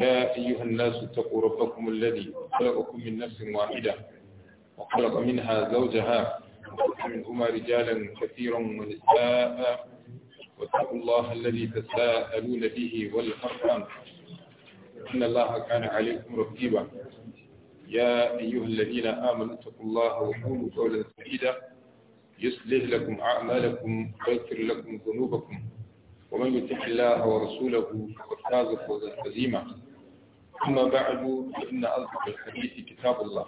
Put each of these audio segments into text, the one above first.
يا أيها الناس اتقوا ربكم الذي خلقكم من نفس واحدة وخلق منها زوجها منهما رجالا كثيرا ونساء واتقوا الله الذي تساءلون به والأرحام إن الله كان عليكم رقيبا يا أيها الذين آمنوا اتقوا الله وقولوا قولا سديدا يصلح لكم أعمالكم ويغفر لكم ذنوبكم ومن يتق الله ورسوله فقد فاز فوزا عظيما أما بعد فإن أصدق الحديث كتاب الله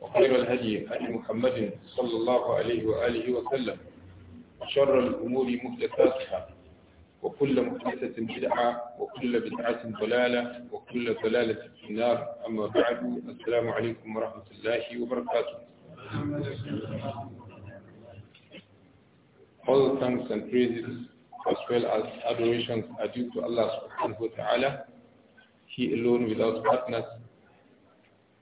وخير الهدي هدي محمد صلى الله عليه وآله وسلم وشر الأمور محدثاتها وكل محدثة بدعة وكل بدعة ضلالة وكل ضلالة في النار أما بعد السلام عليكم ورحمة الله وبركاته All thanks and praises as well as adorations are due to Allah subhanahu wa ta'ala he alone without partners.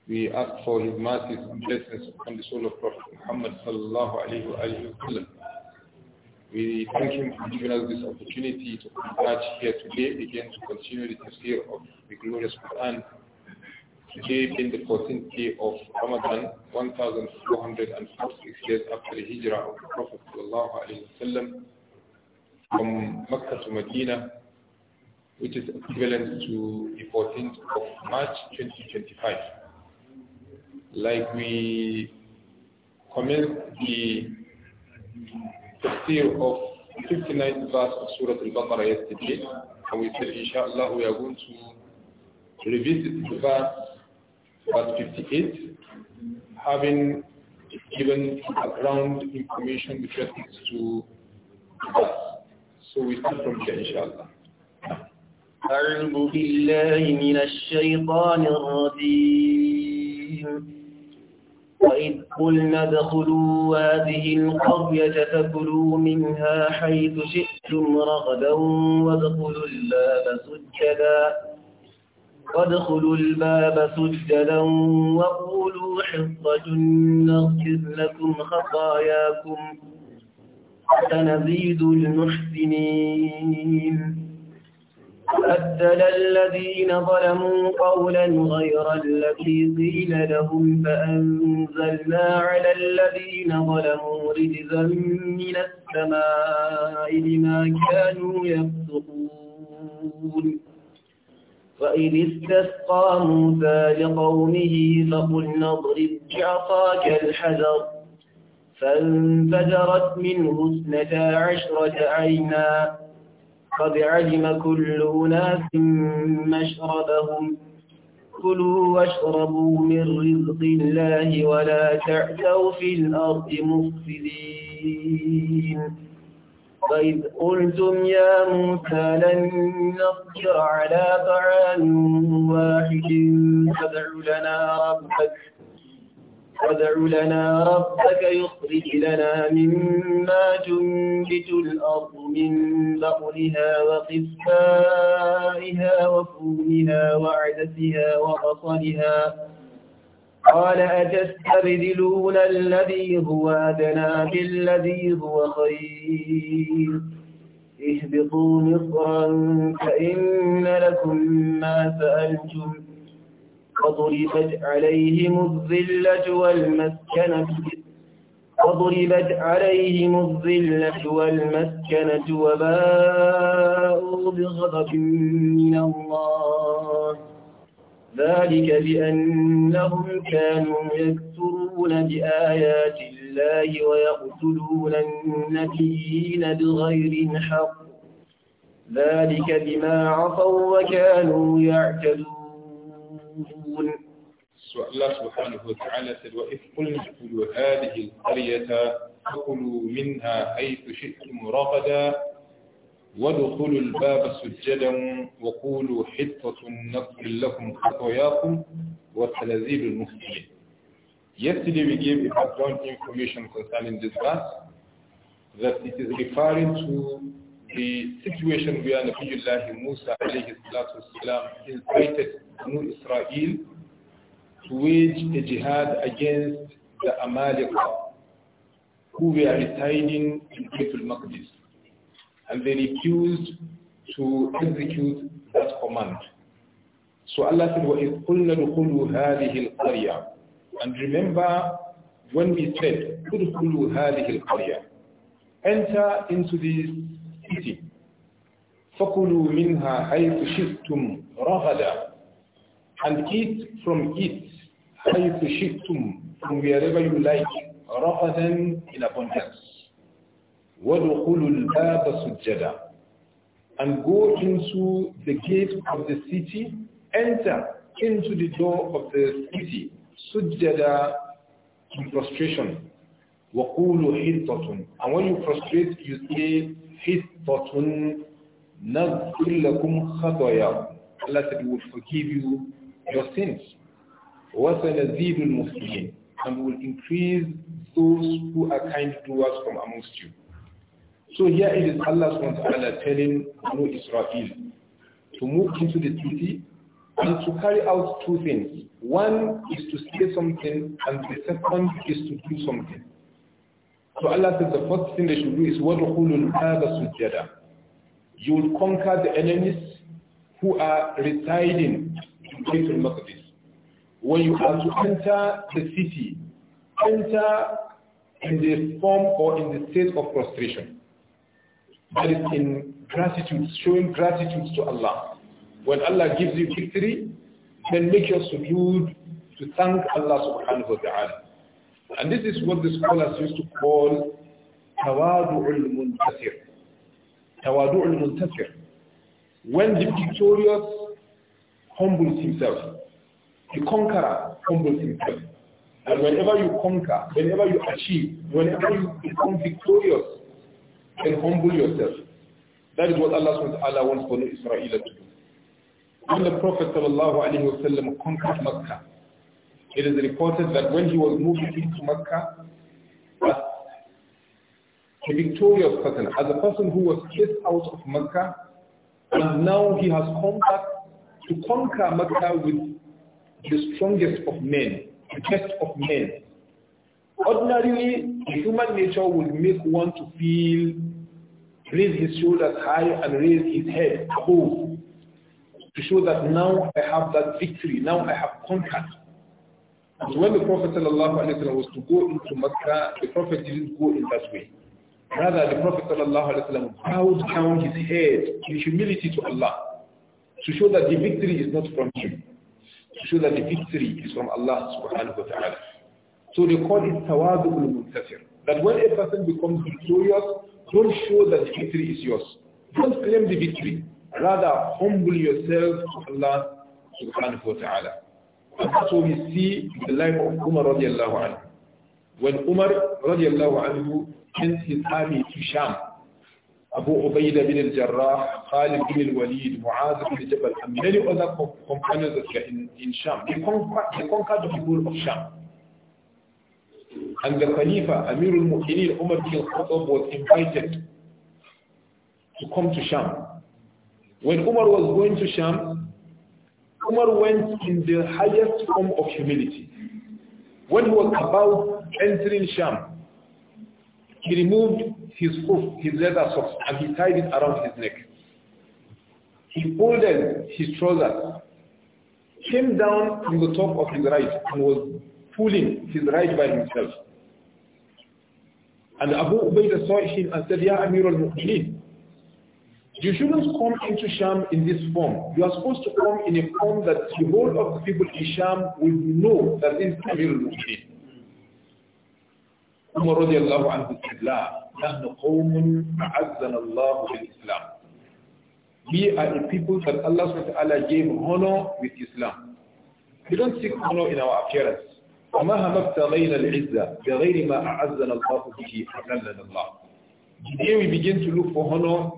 We ask for his mercy and blessings upon the soul of Prophet Muhammad sallallahu alayhi wa sallam. We thank him for giving us this opportunity to converge here today again to continue the tafsir of the glorious Quran. Today being the 14th day of Ramadan, 1446 years after the hijrah of the Prophet sallallahu alayhi wa sallam from Mecca to Medina, which is equivalent to the 14th of March 2025. Like we commenced the tafsir of 59th verse of Surah Al-Baqarah yesterday, and we said, inshallah, we are going to revisit the verse, verse 58, having given background information with respect to the verse. So we start from here, inshallah. أعوذ بالله من الشيطان الرجيم وإذ قلنا ادخلوا هذه القرية فكلوا منها حيث شئتم رغدا وادخلوا الباب سجدا وادخلوا الباب سجدا وقولوا حصة نغفر لكم خطاياكم سنزيد المحسنين فبدل الذين ظلموا قولا غير الذي قيل لهم فأنزلنا على الذين ظلموا رجزا من السماء بما كانوا يفسقون وإذ استسقى موسى لقومه فقلنا اضرب بعصاك الحجر فانفجرت منه اثنتا عشرة عينا قد علم كل أناس مشربهم كلوا واشربوا من رزق الله ولا تعتوا في الأرض مفسدين فإذ قلتم يا موسى لن نصبر على طعام واحد فادع لنا ربك وادع لنا ربك يخرج لنا مما تنبت الأرض من بقلها وقفائها وفومها وعدسها وبصلها قال أتستبدلون الذي هو أدنى بالذي هو خير اهبطوا مصرا فإن لكم ما سألتم فضربت عليهم الذلة والمسكنة فضربت عليهم الظلة والمسكنة وباءوا بغضب من الله ذلك بأنهم كانوا يكفرون بآيات الله ويقتلون النبيين بغير حق ذلك بما عصوا وكانوا يعتدون يكون الله سبحانه وتعالى سد وإذ قلنا ادخلوا هذه القرية ادخلوا منها حيث شئتم رغدا وادخلوا الباب سجدا وقولوا حطة نغفر لكم خطاياكم وسنزيد المسلمين Yesterday we gave a background information concerning this verse that it is referring to the situation where Nabiullah Musa والسلام, invited Banu Israel to wage a jihad against the Amalek, who were residing in Baitul Maqdis and they refused to execute that command. So Allah said, وَإِذْ قُلْنَا دُخُلُوا هَذِهِ الْقَرْيَةِ And remember when we said, دُخُلُوا هَذِهِ الْقَرْيَةِ Enter into this eating. فَكُلُوا مِنْهَا حَيْثُ شِئْتُمْ رَغَدًا And eat from it حَيْثُ شِئْتُمْ from wherever you like رَغَدًا in abundance. وَدُخُلُوا الْبَابَ سُجَّدًا And go into the gate of the city, enter into the door of the city, سُجَّدًا in prostration. وَقُولُوا حِطَّةٌ And when you prostrate, you say, حِفَّةٌ Allah said, will forgive you your sins. And we will increase those who are kind to us from amongst you. So here it is Allah SWT telling Banu Israel to move into the city and to carry out two things. One is to say something and the second is to do something. So Allah says the first thing they should do is وَدْخُلُ الْأَذَ سُجَّدًا You will conquer the enemies who are residing in Baitul Maqdis. When you are to enter the city, enter in the form or in the state of prostration. That is in gratitude, showing gratitude to Allah. When Allah gives you victory, then make your sujood to thank Allah subhanahu wa ta'ala. And this is what the scholars used to call tawadu'ul muntasir. Tawadu'ul muntasir. When the victorious humbles himself, the conqueror humbles himself. And whenever you conquer, whenever you achieve, whenever you become victorious, then humble yourself. That is what Allah SWT wants for Israel to do. When the Prophet ﷺ conquered Makkah. It is reported that when he was moving into Mecca, a victorious person, as a person who was chased out of Mecca, and now he has come back to conquer Mecca with the strongest of men, the best of men. Ordinarily, human nature would make one to feel, raise his shoulders high and raise his head above, to show that now I have that victory, now I have conquered when the Prophet ﷺ was to go into Mecca, the Prophet didn't go in that way. Rather, the Prophet ﷺ bowed down his head in humility to Allah to show that the victory is not from him, to show that the victory is from Allah subhanahu wa ta'ala. So they call it tawadu'ul muntasir. That when a person becomes victorious, don't show that the victory is yours. Don't claim the victory. Rather, humble yourself to Allah subhanahu wa ta'ala. And that's what we see in the life of Umar radiallahu anhu. When Umar radiallahu anhu sent his army to Sham, Abu Ubaidah bin al-Jarrah, Khalid bin al-Walid, Muaz bin Jabal, and many other companions that were in, in Sham. They conquered, they conquered the people of Sham. And the Khalifa, Amir al-Mu'mineen, Umar bin al-Khattab was invited to come to Sham. When Umar was going to Sham, Umar went in the highest form of humility. When he was about entering Sham, he removed his hoof, his leather socks, and he tied it around his neck. He folded his trousers, came down from the top of his right, and was pulling his right by himself. And Abu Ubaidah saw him and said, Ya Amir al-Mu'mineen, you shouldn't come into Sham in this form. You are supposed to come in a form that the whole of the people in Sham will know that this is Amir Umar radiallahu anhu said, La, نحن قوم أعزنا الله بالإسلام. We are a people that Allah SWT gave honor with Islam. We don't seek honor in our appearance. ومهما ابتغينا العزة بغير ما أعزنا الله به أذلنا الله. Today we begin to look for honor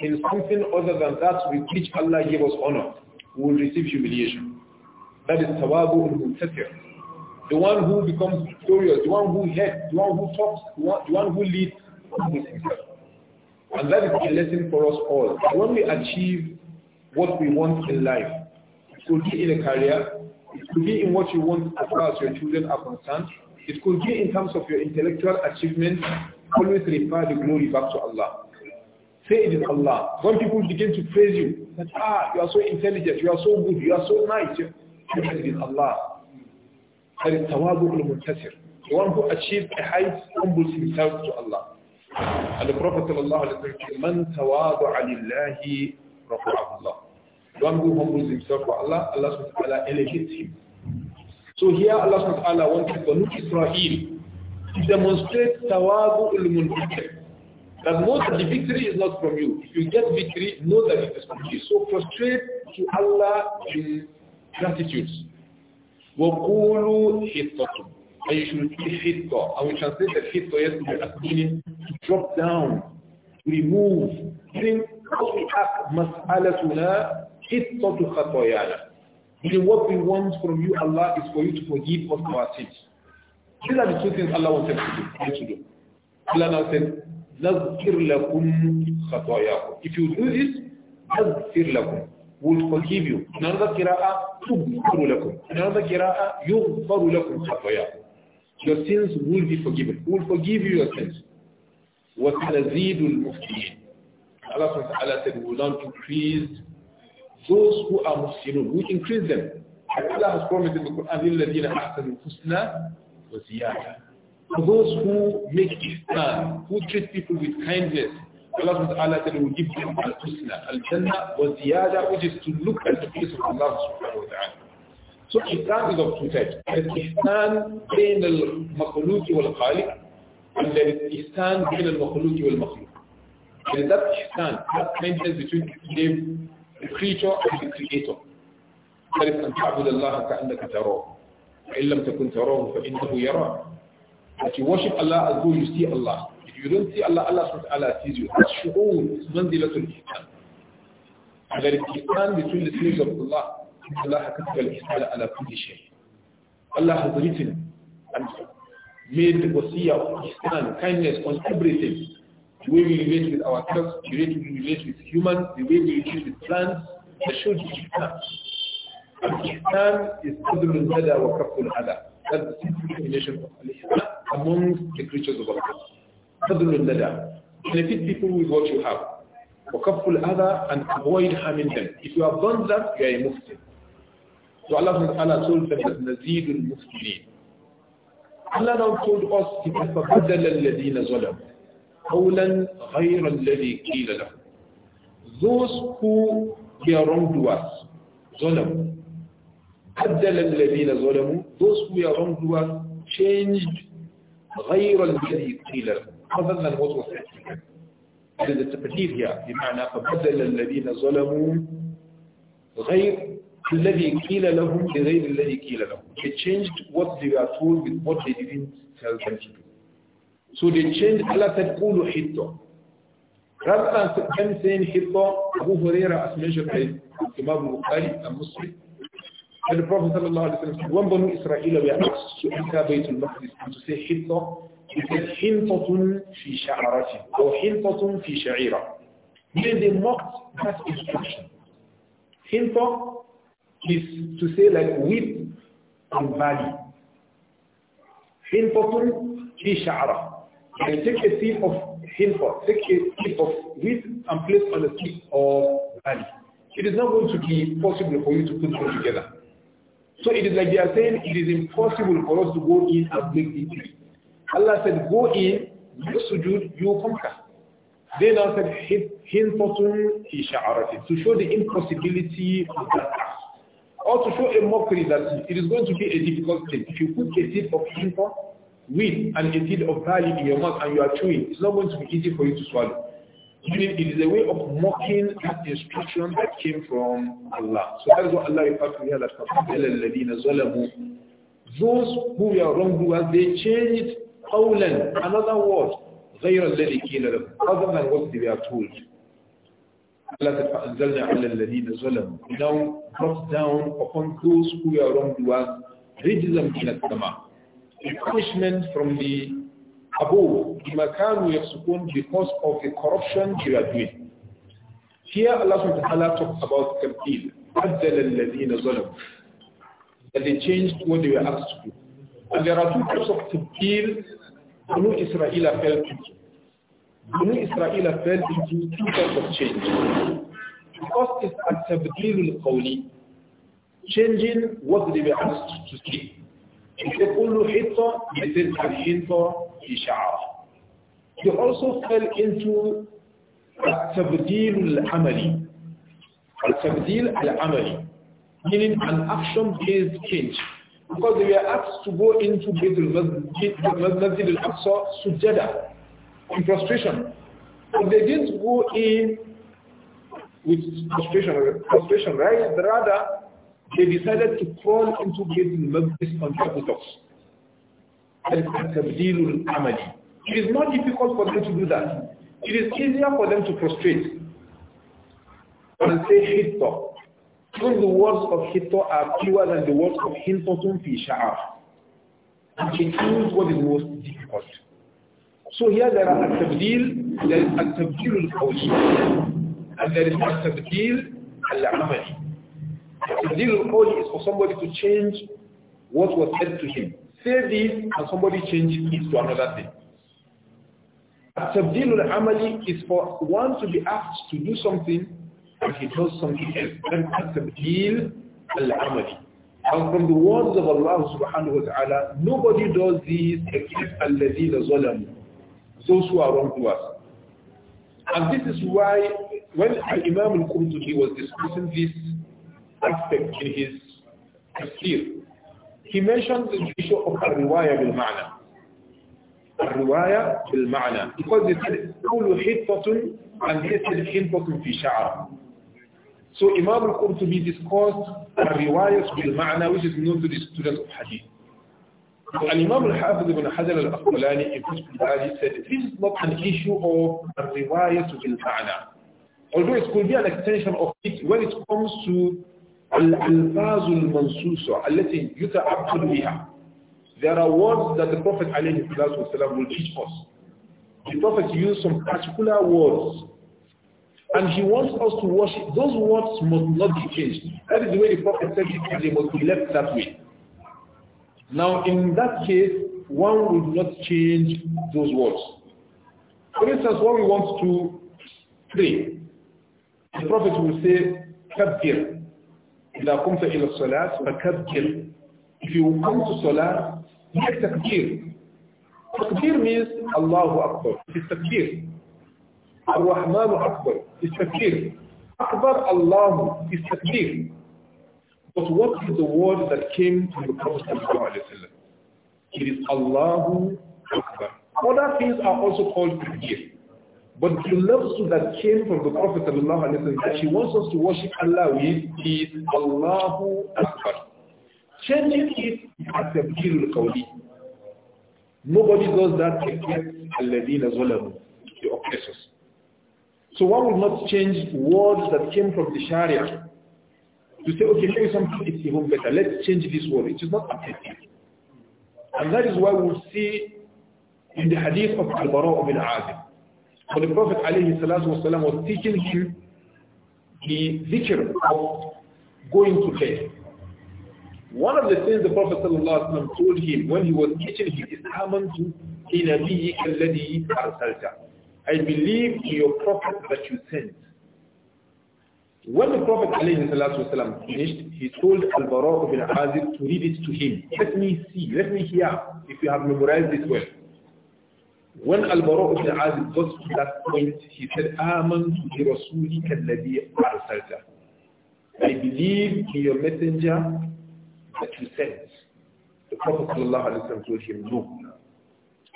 in something other than that with which Allah gave us honor, we will receive humiliation. That is tawabu al-muntasir. The one who becomes victorious, the one who heads, the one who talks, the one, the one who leads, And that is a lesson for us all. When we achieve what we want in life, it could be in a career, it could be in what you want as far as your children are concerned, it could be in terms of your intellectual achievement, always refer the glory back to Allah. Say it is Allah. When people begin to praise you, that ah, you are so intelligent, you are so good, you are so nice, you say it is Allah. That is tawabu al-muntasir. The one who achieves a height humbles himself to Allah. And the Prophet sallallahu alayhi man Tawabu alillahi, rafa'ahu Allah. The one who humbles himself to Allah, Allah subhanahu wa ta'ala elevates him. So here Allah subhanahu wa ta'ala wanted Banu Israel to demonstrate tawabu al-muntasir. That know that the victory is not from you. If you get victory, know that it is from you. So prostrate to Allah in gratitude. وَقُولُوا حِطَّةٌ And you should say حِطَّة. I will translate that حِطَّة yesterday as meaning to drop down, to remove. Meaning, what we ask, مَسْأَلَتُنَا حِطَّةُ خَطَيَانَا Meaning what we want from you, Allah, is for you to forgive us our sins. These are the two things Allah wants us to do. Allah now said, نغفر لكم خطاياكم if you do this نغفر لكم will forgive you in another قراءة تغفر لكم in another قراءة يغفر لكم خطاياكم your sins will be forgiven will forgive you your sins وسنزيد المحسنين Allah SWT said we will not increase those who are muhsinun we increase them Allah has promised in the Quran الذين أحسنوا الحسنى وزيادة For those who make iftar, who treat people with kindness, Allah Ta'ala said will give them al-husna, al-jannah wa ziyada, which is to look at the face of Allah subhanahu wa ta'ala. So ihsan is of two types. There is between al-makhluki wal-khaliq, and there is ihsan between al-makhluki wal-makhluq. There is that ihsan, that kindness between the, the creature and the creator. That is, an ta'bud Allah ka'annaka tarahu. وإن لم تكن تراه فإنه يراه that you worship Allah as though you see Allah. If you don't see Allah, Allah SWT sees you. That's shu'ur, it's manzilatul ihsan. And there is ihsan between the slaves of Allah. Allah has written and made the wasiya of ihsan, kindness on everything. The way we relate with ourselves, the way we relate with humans, the way we relate with plants, The should be ihsan. And ihsan is qadrul zada wa kaful ala. That's the simple definition of al-ihsan among the creatures of Allah. Fadlul nada. Benefit people with what you have. وَكَفُّ other and avoid harming them. If you have done that, you are a Muslim. So Allah subhanahu told them that Nazidul Muslimin. Allah now told us, فَبَدَلَ الَّذِينَ ظَلَمُوا قَوْلًا غَيْرَ الَّذِي قِيلَ لَهُمْ Those who were wrongdoers, ظَلَمُوا بدل الذين ظلموا those who are wrongdoers changed غير الذي قيل لهم أظن التفتيف هي بمعنى فبدل الذين ظلموا غير الذي قيل لهم لغير الذي قيل لهم they changed what they were told with what they didn't tell them to do so they changed Allah said حتى rather than them حتى أبو هريرة أسمجر أي كما أبو بكاري And the Prophet ﷺ said, when Banu Israel were asked to enter Baytul Maqdis and to say Hitta, he said, Hintatun fi sha'aratin, or Hintatun fi sha'ira. Then they mocked that instruction. Hinta is to say like whip and valley. Hintatun fi sha'ara. And take a seed of hinta, take a seed of whip, and place on a seed of valley. It is not going to be possible for you to put them together. So it is like they are saying it is impossible for us to go in and break the tree. Allah said, go in, you sujood, you conquer. They now said, hinfatun fi to show the impossibility of that task. Or to show a mockery that it is going to be a difficult thing. If you put a seed of hinfat, wheat, and a seed of barley in your mouth and you are chewing, it's not going to be easy for you to swallow. Meaning it is a way of mocking that instruction that came from Allah. So that is what Allah is to here that like, those who were wrongdoers, they changed qawlan, another word, غير الذي قيل other than what they were told. Allah فأنزلنا على الذين ظلموا. now brought down upon those who were wrongdoers, رجزا من السماء. A punishment from the above the have Yasukun because of the corruption they are doing. Here Allah subhanahu wa ta'ala talks about Abdel Kabir. That they changed what they were asked to do. And there are two types of Kabir Banu Israel fell into. Banu Israel fell into two types of change. The first is a tabdil al changing what they were asked to do. He كل حطة مثل الحنطة في شعره. He also fell into التبديل العملي. التبديل العملي meaning an action-based change. Because they were asked to go into Masjid al-Aqsa sujada, in frustration, But they didn't go in with frustration, prostration right? Rather, they decided to crawl into Baitul Maqdis on capital. It is not difficult for them to do that. It is easier for them to prostrate and say Hitto. Even the words of Hitto are fewer than the words of Hito fi Sha'af. And she chose what is most difficult. So here there are al-tabdil, there is al-tabdil and there is al-tabdil al-amali. Tadbirul Qawli is for somebody to change what was said to him. Say this and somebody change it to another thing. Tabdilul Amali is for one to be asked to do something and he does something else. Then Tabdil Al-Amali. And from the words of Allah subhanahu wa ta'ala, nobody does this except Al-Ladina Zalamu. Those who are wrong to us. And this is why when Imam Al-Qurtubi was discussing this aspect in his tafsir. He mentions the issue of al-riwaya bil-ma'na. Al-riwaya bil-ma'na. Because they said, قُلُوا حِطَّةٌ and they said حِطَّةٌ fi شَعَرٍ So Imam al-Qurtubi discussed al-riwayas bil-ma'na which is known to the students of hadith. So imam al-Hafiz ibn Hazal al-Asqalani in Qutb said, this is not an issue of al riwaya bil-ma'na. Although it could be an extension of it when it comes to الألفاظ المنصوصة التي يتعبد بها There are words that the Prophet ﷺ will teach us. The Prophet used some particular words and he wants us to worship. Those words must not be changed. That is the way the Prophet said it and they must be left that way. Now in that case, one would not change those words. For instance, when we want to pray, the Prophet will say, here." إذا قمت إلى الصلاة فكبر If you come to Salah, make takbir. Takbir means Allahu Akbar. It is takbir. Ar-Rahmanu Akbar. It is takbir. Akbar Allah is takbir. But what is the word that came to the Prophet It is Allahu Akbar. Other things are also called takbir. But the love that came from the Prophet that she wants us to worship Allah with is Allahu Akbar. Changing it as a qawli. Nobody does that except Alladina Zalamu, the oppressors. So one will not change words that came from the Sharia to say, okay, maybe something is even better. Let's change this word. It is not effective. And that is why we we'll see in the hadith of Al-Bara' bin Azim, so the Prophet والسلام, was teaching you the zikr of going to bed. One of the things the Prophet ﷺ told him when he was teaching him is Amantu I believe in your prophet that you sent. When the Prophet ﷺ finished, he told Al-Bara' bin Azib to read it to him. Let me see, let me hear if you have memorized this well. When Al-Bara ibn Azib got to that point, he said, Amantu bi rasulika alladhi arsalta. I believe in your messenger that you sent. The Prophet ﷺ told him, no.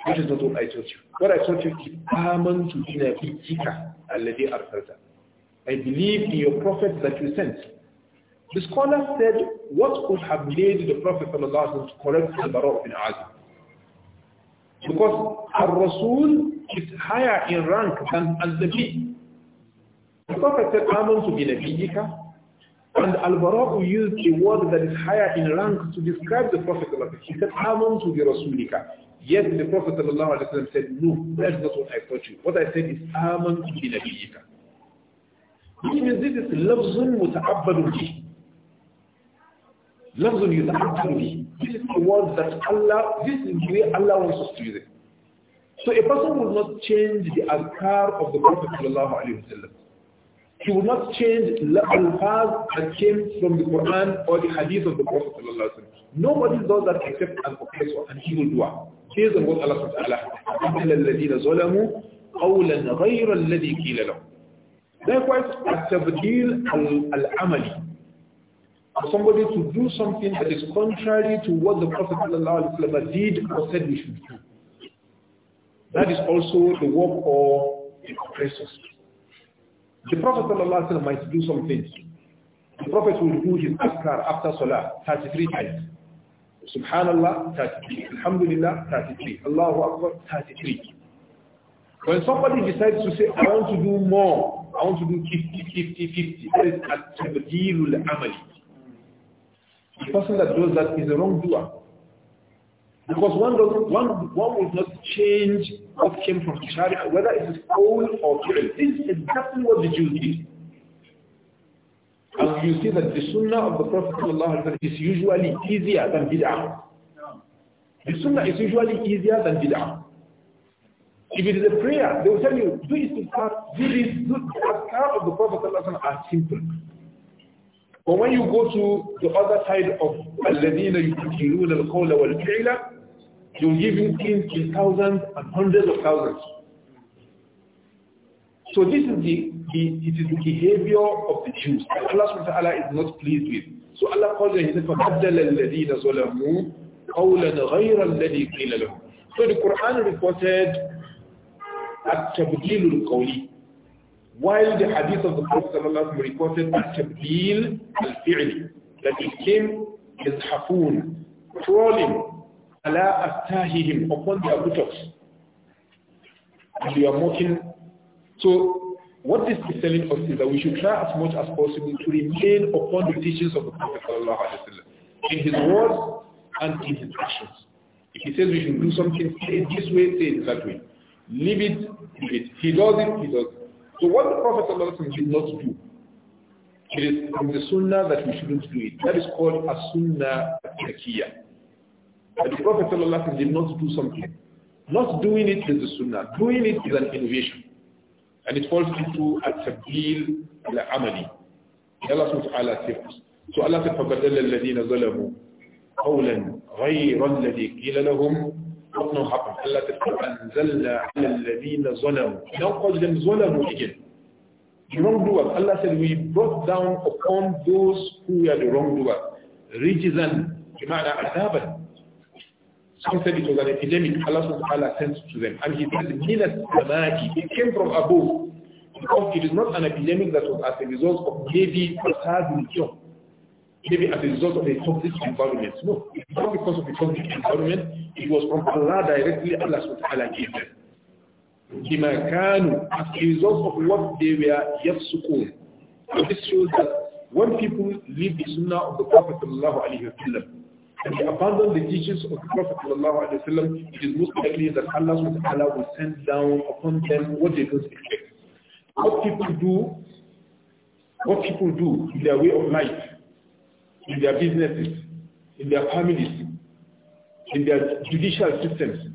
Which is not what I taught you. What I taught you is, aman Amantu bi nabiyyika alladhi arsalta. I believe in your prophet that you sent. The scholar said, what could have made the Prophet ﷺ to correct Al-Bara ibn Azib? Because Ar-Rasul is higher in rank than Al-Nabi. The Prophet said, Amantu bi Nabiyika. And Al-Bara'u used a word that is higher in rank to describe the Prophet. He said, Amantu bi Rasulika. Yet the Prophet said, no, that's not what I taught you. What I said is, to be Nabiyika. Which means this is lafzun muta'abbadu bih. Lafzun yuta'abbadu bih. This is the word that Allah, this is the way Allah wants us to use it. So a person will not change the adhkar of the Prophet ﷺ. He will not change the faz that came from the Quran or the hadith of the Prophet ﷺ. Nobody does that except an oppressor, an evil doer. Here's the word Allah subhanahu wa ta'ala الَّذِينَ ظَلَمُوا قَوْلًا غَيْرَ الَّذِي كِيلَ لَهُمْ Likewise, التبديل العملي for somebody to do something that is contrary to what the Prophet ﷺ did or said we should do. That is also the work of the oppressors. The Prophet ﷺ might do some things. The Prophet will do his azkar after salah 33 times. Subhanallah, 33. Alhamdulillah, 33. Allahu Akbar, 33. When somebody decides to say, I want to do more, I want to do 50, 50, 50, that is at-tabdeelul amali. The person that does that is a wrongdoer. Because one doesn't, one, one will not change what came from Sharia, whether it is old or current. This is exactly what the Jews did. And you see that the Sunnah of the Prophet is usually easier than bid'ah. The Sunnah is usually easier than bid'ah. If it is a prayer, they will tell you, do it to start, do this, do the of the Prophet are simple. But when you go to the other side of الَّذِينَ يُكِّلُونَ الْقَوْلَ وَالْفِعْلَ are giving him in thousands and hundreds of thousands. So this is the, the, it is the behavior of the Jews. Allah subhanahu wa ta'ala is not pleased with. So Allah calls them, he says, فَبَدَّلَ الَّذِينَ ظَلَمُوا قَوْلًا غَيْرَ الَّذِي قِيلَ لَهُمْ So the Quran reported التبديل القولي while the hadith of the Prophet ﷺ reported tabdil al-fi'li, that it came yazhafun, crawling ala astahihim upon their buttocks. And they are mocking. So what this is telling us is that we should try as much as possible to remain upon the teachings of the Prophet ﷺ, in his words and in his actions. If he says we should do something, say it this way, say it that way. Leave it, leave it. He does it, he does it. So what the Prophet ﷺ did not do, it is from the sunnah that we shouldn't do it. That is called a sunnah takiyah. That the Prophet ﷺ did not do something. Not doing it is a sunnah. Doing it is an innovation. And it falls into a tabil al-amali. Allah subhanahu wa ta'ala So Allah said, فَبَدَلَ الَّذِينَ ظَلَمُوا قَوْلًا غَيْرَ الَّذِي قِيلَ لَهُمْ what's not happened. Allah said, فَأَنْزَلْنَا عَلَى الَّذِينَ ظَلَمُوا Don't call them ظَلَمُوا again. The wrongdoers, Allah said, we brought down upon those who were the wrongdoers. رِجِزًا بِمَعْنَا عَذَابًا Some said it was an epidemic. Allah subhanahu wa ta'ala sent to them. And he said, مِنَ السَّمَاءِ It came from above. Because it is not an epidemic that was as a result of maybe a religion maybe as a result of a toxic environment. No, it's not because of a toxic environment. It was from Allah directly, Allah subhanahu gave them. Bima as a result of what they were yafsukun. And this shows that when people leave the sunnah of the Prophet sallallahu alayhi wa sallam, and they abandon the teachings of the Prophet sallallahu alayhi wa sallam, it is most likely that Allah subhanahu will send down upon them what they don't expect. What people do, what people do in their way of life, in their businesses, in their families, in their judicial systems.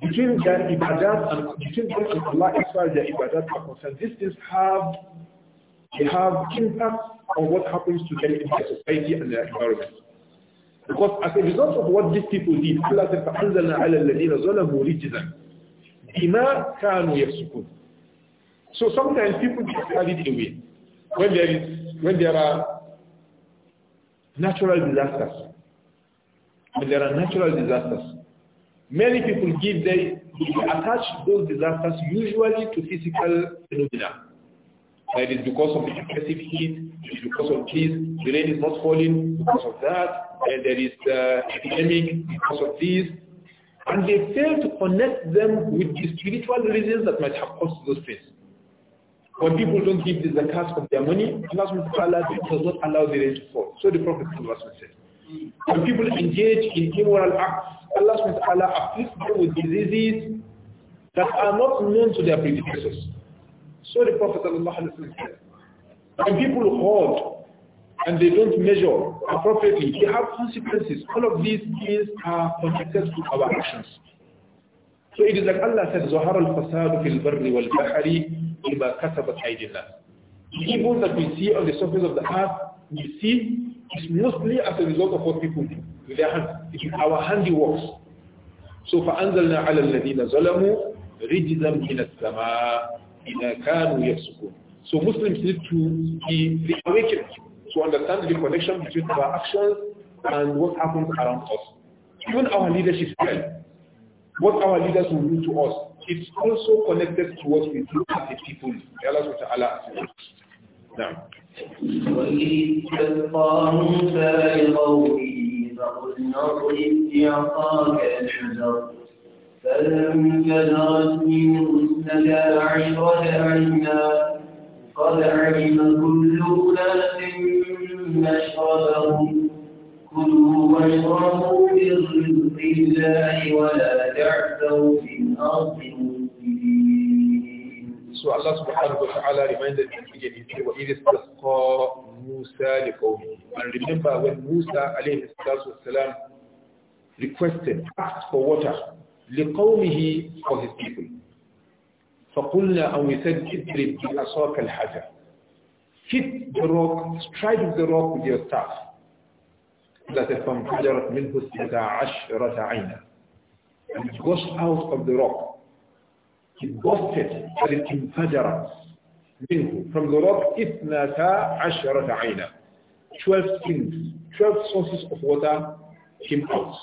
Between their ibadat and between them and Allah as far as their ibadat are concerned, these things have they have impact on what happens to them in their society and their environment. Because as a result of what these people did, Allah said, فَأَنْزَلْنَا عَلَى الَّذِينَ ظَلَمُوا رِجِزًا بِمَا كَانُوا يَفْسُقُونَ So sometimes people get carried away. When there is when there are natural disasters. And there are natural disasters. Many people give they attach those disasters usually to physical phenomena. That is because of the excessive heat, because of this, the rain is not falling, because of that, and there is uh, epidemic because of this. And they fail to connect them with the spiritual reasons that might have caused those things. When people don't give the zakat of their money, Allah does not allow the rain to fall. So the Prophet said. When people engage in immoral acts, Allah SWT afflicts them with diseases that are not known to their predecessors. So the Prophet said. When people hoard and they don't measure appropriately, they have consequences. All of these things are connected to our actions. So it is like Allah said, زُهَرَ الْفَسَادُ فِي وَالْبَحَرِ the evil that we see on the surface of the earth, we see is mostly as a result of what people do with their hands. It is our handiworks. So فَأَنزَلْنَا عَلَى الَّذِينَ ظَلَمُوا رِجْزًا مِنَ السَّمَاءِ إِذَا كَانُوا يَسْكُونَ So Muslims need to be reawakened to understand the connection between our actions and what happens around us. Even our leadership what our leaders will do to us, it's also connected to what we do as a people. Allah عينا قد علم كل أناس مشربهم كلوا واشربوا من رزق الله ولا تعثوا في الأرض So Allah subhanahu wa ta'ala reminded the Israelites, of اسْتَسْقَى مُوسَى لِقَوْمِهِ And remember when Musa alayhi salatu wasalam requested, asked for water, لِقَوْمِهِ for his people. فَقُلْنَا أَوْ وِسَدْ إِدْرِبْ بِأَصَاكَ الْحَجَرِ Hit the rock, strike the rock with your staff. فانفجرت منه اثنتا عشرة عينا and it goes out of the rock it busted and it انفجرت منه from the rock اثنتا عشرة عينا 12 springs 12 sources of water came out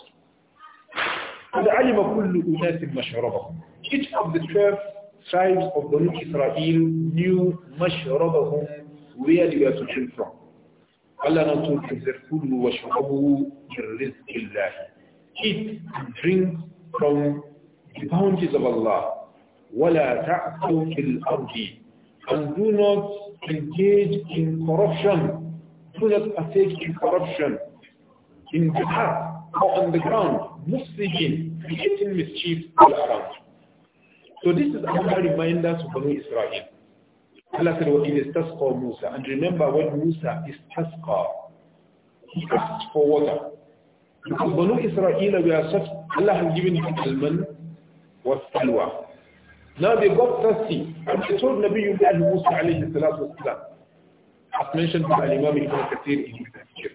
قد علم كل أناس مشربهم each of the 12 tribes of Banu Israel knew مشربهم where they were to drink from Allah not to is the food wa Eat and drink from the bounties of Allah. وَلَا تَعْثَوْا فِي الْأَرْضِ And do not engage in corruption. Do not partake in corruption. In the heart or on the ground. Muslimin, creating mischief all around. So this is another reminder to Banu Israel. Allah said, وَإِذِ اسْتَسْقَى Musa. And remember when Musa is tasqa, he asked for water. Because Banu Israel, we are such, Allah has given them alman was salwa. Now they got thirsty. And they told Nabi Yudal Musa alayhi salatu wasalam, as mentioned by Imam Ibn Kathir in his tafsir.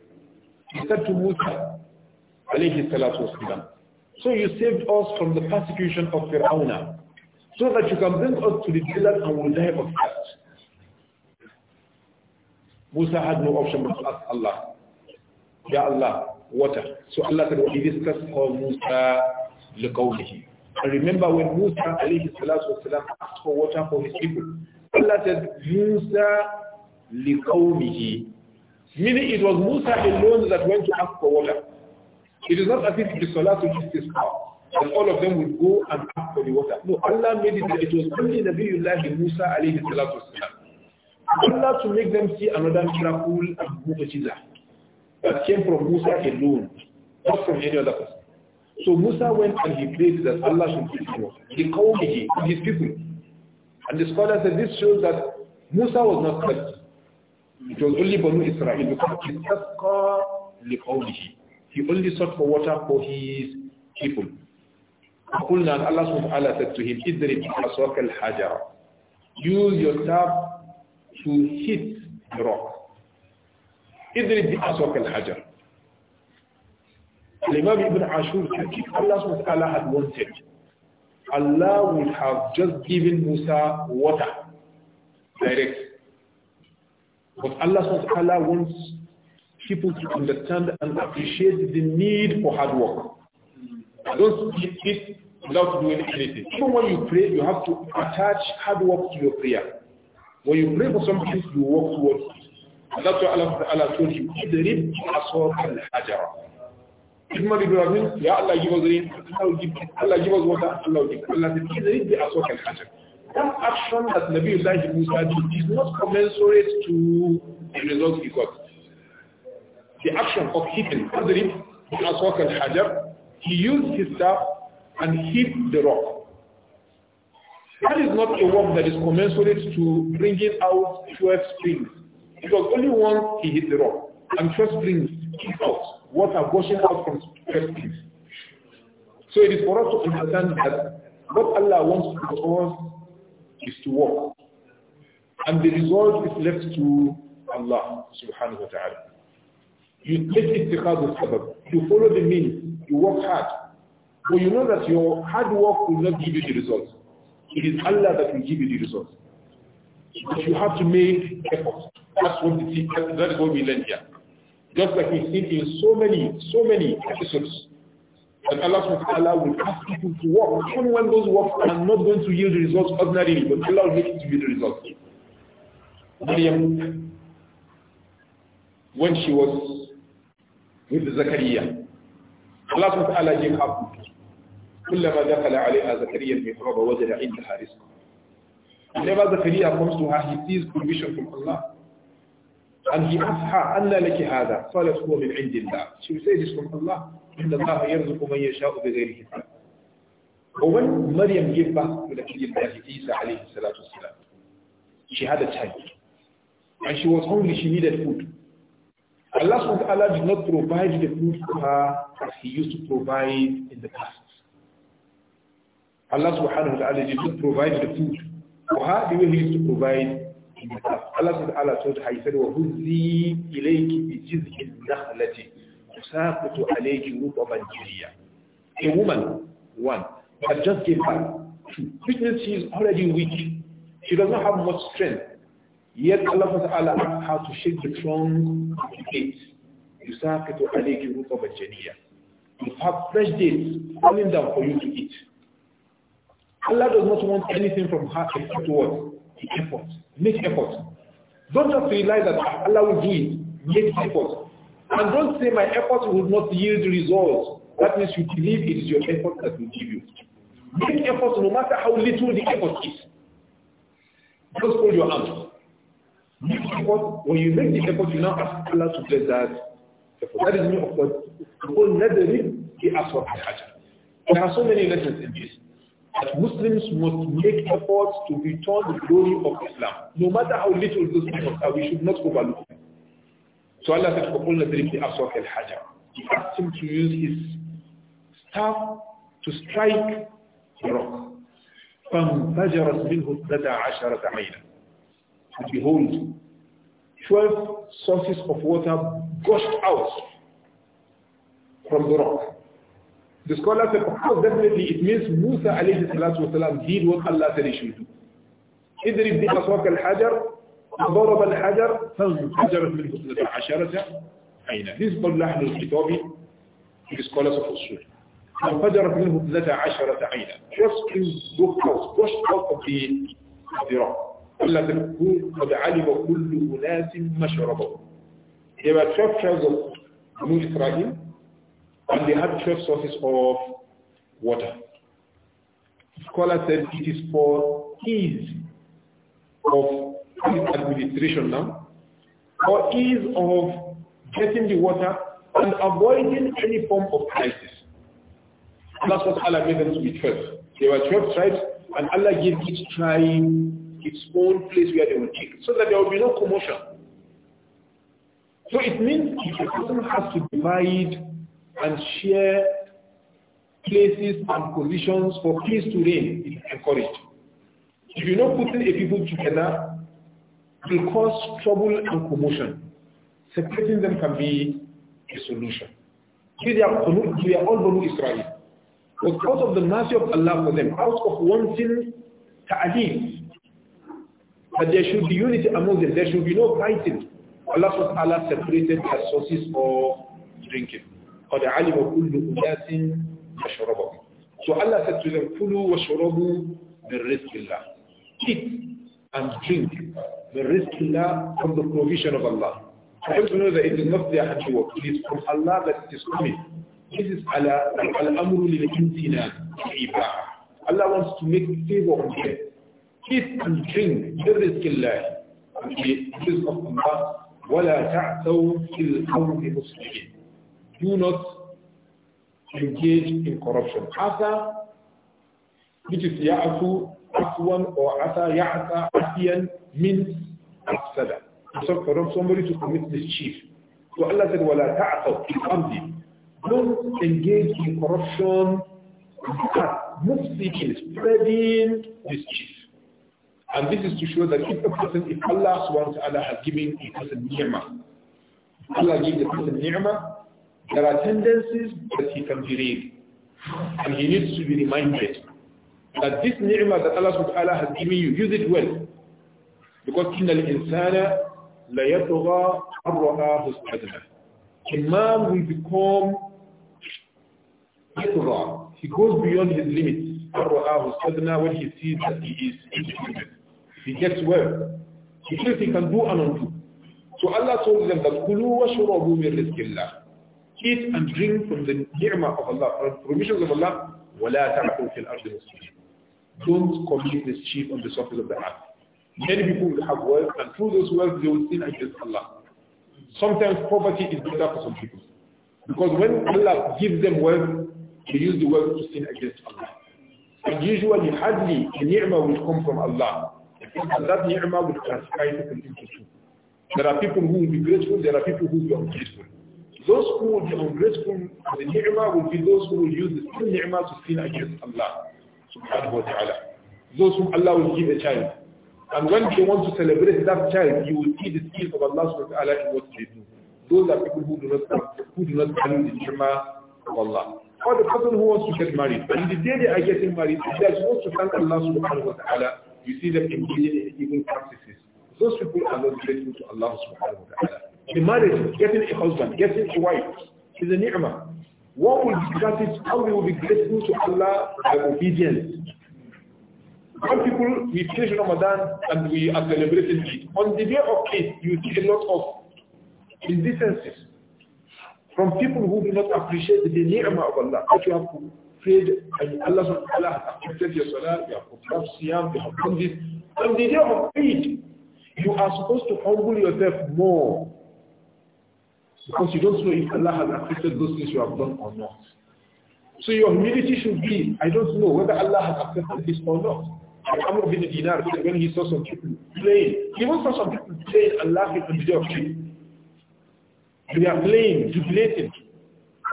He said to Musa alayhi salatu wasalam, so you saved us from the persecution of Fir'auna, so that you can bring us to the desert and will die of thirst. Musa had no option but to ask Allah. Ya Allah, water. So Allah said, وَإِذِ اسْتَسْقَى مُوسَى لِقَوْلِهِ And remember when Musa alayhi salatu wasalam asked for water for his people, Allah said, Musa لِقَوْمِهِ Meaning it was Musa alone that went to ask for water. It is not as if the salatu istisqa and all of them would go and ask for the water. No, Allah made it that it was only Nabiullah Musa alayhi salatu wasalam Allah to make them see another miracle and move mu'jiza that came from Musa alone, not from any other person. So Musa went and he prayed that Allah should give him He called him, his people. And the scholar said this shows that Musa was not cursed. It was only Banu Israel because he tasqa He only sought for water for his people. Allah subhanahu wa ta'ala said to him, Idrib aswaka al-hajara. Use your staff to hit the rock. Idrib bi aswak al-hajar. Imam Ibn Ashur said, Allah had wanted, Allah would have just given Musa water, direct. But Allah wants people to understand and appreciate the need for hard work. Don't eat it without doing anything. Even when you pray, you have to attach hard work to your prayer. When you pray for something, you walk towards it. And that's why Allah, Allah told you, Idrib aswab al-hajara. If not Ibrahim, I Ya Allah give us rain, Allah give, Allah give us water, Allah give. Allah said, Idrib aswab al-hajara. That action that Nabi Allah Musa did is not commensurate to the results he got. The action of hitting Idrib aswab al-hajara, he used his staff and hit the rock. That is not a work that is commensurate to bringing out 12 springs. Because only once he hit the rock, and 12 springs came out, water gushing out from 12 springs. So it is for us to understand that what Allah wants from us is to work. And the result is left to Allah subhanahu wa ta'ala. You make the sabab. You follow the means. You work hard. But you know that your hard work will not give you the results. It is Allah that will give you the results. But you have to make efforts. That's what that is what we learn here. Just like we've seen in so many, so many episodes. And Allah subhanahu will ask people to work, even when those works are not going to yield results ordinarily, but Allah will make it to be the result. Maryam, when she was with Zakaria, Allah subhanahu gave her food. كلما دخل عليها زكريا المحراب وجد عندها رزقا Whenever Zakaria comes to her, he sees provision from Allah. And he asks her, أَنَّا لَكِ هَذَا قَالَتْ هُوَ مِنْ عِنْدِ اللَّهِ She will say this from Allah. إِنَّ اللَّهَ يَرْزُقُ مَنْ يَشَاءُ بِغَيْرِ حِسَابٍ But when Maryam gave birth to the Khidr Isa alayhi salatu she had a child. And she was hungry, she needed food. Allah subhanahu wa ta'ala did not provide the food for her as he used to provide in the past. Allah subhanahu wa ta'ala did not provide the food for her the way he used to provide Allah subhanahu wa ta'ala told her, he said, وَهُزِّي إِلَيْكِ بِجِزْءِ النَّخْلَةِ تُسَاقِطُ عَلَيْكِ رُطَبًا جِرِيًّا A woman, one, has just gave birth, two, which she is already weak. She does not have much strength. Yet Allah subhanahu wa ta'ala asked her to shake the trunk of the date. يُسَاقِطُ عَلَيْكِ رُطَبًا جِرِيًّا You have fresh dates falling down for you to eat. Allah does not want anything from her except what? Effort. Make effort. Don't just rely that Allah will do it. Make effort. And don't say my effort will not yield results. That means you believe it is your effort that will give you. Make effort no matter how little the effort is. Just hold your hand. Make effort. When you make the effort, you now ask Allah to bless that effort. That is me of what. There are so many lessons in this that Muslims must make efforts to return the glory of Islam. No matter how little those efforts are, we should not overlook them. So Allah said, فَقُلْنَا دْرِبْ بِأَصْوَكَ الْحَجَرِ He asked him to use his staff to strike the rock. فَانْفَجَرَتْ مِنْهُ اثْنَتَا عَشَرَةَ عَيْنًا And behold, twelve sources of water gushed out from the rock. The scholars say, of course, definitely it means Musa alayhi salatu wa salam did what Allah said he should do. اضرب بعصاك الحجر فضرب الحجر فانفجرت منه اثنتا عشرة عينا. This is Mullah al-Kitabi, the scholars of Usul. فانفجرت منه اثنتا عشرة عينا. Just in book house, push out of the, of the rock. Allah said, قد علم كل أناس مشربهم. There were 12 tribes of Banu Israel and they have 12 sources of water. Scholar said it is for ease of administration now, for ease of getting the water and avoiding any form of crisis. That's what Allah made them to be 12. There were 12 tribes and Allah gave each tribe its own place where they would take so that there will be no commotion. So it means if a person has to divide and share places and conditions for peace to reign is encouraged. If you're not putting a people together, it will cause trouble and commotion. Separating them can be a solution. See, they are, they are all Banu Israel. Because out of the mercy of Allah for them, out of wanting ta'aleem, that there should be unity among them, there should be no fighting. Allah subhanahu wa ta'ala separated their sources for drinking. قد علم كل أناس مشربهم So Allah said to them, Kulu wa shurabu Eat and drink min rizqillah from the provision of Allah. I to know that it is not their work; It is from Allah that it is coming. This is ala al-amru lil-intina Allah wants to make favor on them. Eat and drink min rizqillah. And the of Allah. وَلَا تَعْتَوْا فِي الْأَرْضِ مُسْلِمِينَ do not engage in corruption. Asa, which is ya'asu, aswan or asa, ya'asa, asiyan means afsada. So for somebody to commit mischief. So Allah said, وَلَا تَعْثَوْا فِي الْأَرْضِ Don't engage in corruption but mufsidin, spreading mischief. And this is to show that if a person, if Allah subhanahu wa ta'ala has given a person ni'mah, Allah gave the person ni'mah, there are tendencies that he can read. And he needs to be reminded that this ni'mah that Allah subhanahu wa ta'ala has given you, use it well. Because إِنَّ الْإِنسَانَ لَيَبْغَى أَرْوَهَا هُسْتَدْنَا A man will become يَبْغَى. He goes beyond his limits. أَرْوَهَا هُسْتَدْنَا When he sees that he is He gets well. He thinks he can do and undo. So Allah told them that كُلُوا وَشُرَبُوا مِنْ رِزْكِ اللَّهِ eat and drink from the ni'mah of Allah, permissions of Allah, وَلَا تَعْقُوا فِي مُسْلِمِينَ Don't commit mischief on the surface of the earth. Many people will have wealth, and through those wealth they will sin against Allah. Sometimes poverty is better for some people. Because when Allah gives them wealth, they use the wealth to sin against Allah. And usually hardly a ni'mah will come from Allah. And that ni'mah will transpire to continue to There are people who will be grateful, there are people who will be ungrateful. Those who will be ungrateful for the ni'mah will be those who will use the same ni'mah to sin against Allah subhanahu wa ta'ala. Those whom Allah will give a child. And when they want to celebrate that child, you will see the skills of Allah subhanahu wa ta'ala in what they do. Those are people who do not who do not value the ni'mah of Allah. Or the person who wants to get married. And the day they are getting married, they are supposed to thank Allah subhanahu wa ta'ala. You see them engaging in evil practices. Those people are not grateful to Allah subhanahu wa ta'ala. The marriage, getting a husband, getting a wife, is a ni'mah. What will discuss it, how we will be grateful to Allah by obedience. Some people, we finish Ramadan and we are celebrating it. On the day of Eid, you see a lot of indecencies from people who do not appreciate the ni'mah of Allah. That you have prayed and Allah subhanahu wa ta'ala has accepted your salah, you have observed siyam, you have done this. On the day of Eid, you are supposed to humble yourself more because you don't know if Allah has accepted those things you have done or not. So your humility should be, I don't know whether Allah has accepted this or not. Amr bin Dinar said when he saw some people playing, he even saw some people playing and laughing on the day of judgment. They are playing, jubilating.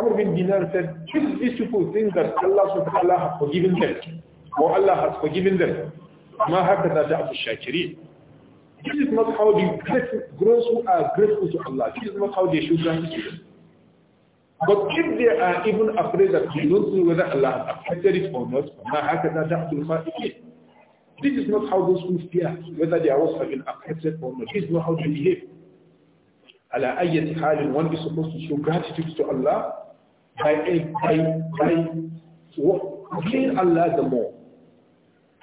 Amr bin Dinar said, these people think that Allah subhanahu wa ta'ala has forgiven them, or Allah has forgiven them. ما هكذا دعوة الشاكرين this is not how the grateful, those who are grateful to Allah, this is not how they should gratitude. But if they are even afraid that they don't know whether Allah has accepted it or not, this is not how those who fear whether their words have been accepted or not. This is not how they behave. Allah ayyati one is supposed to show gratitude to Allah by, by, by obeying Allah the more.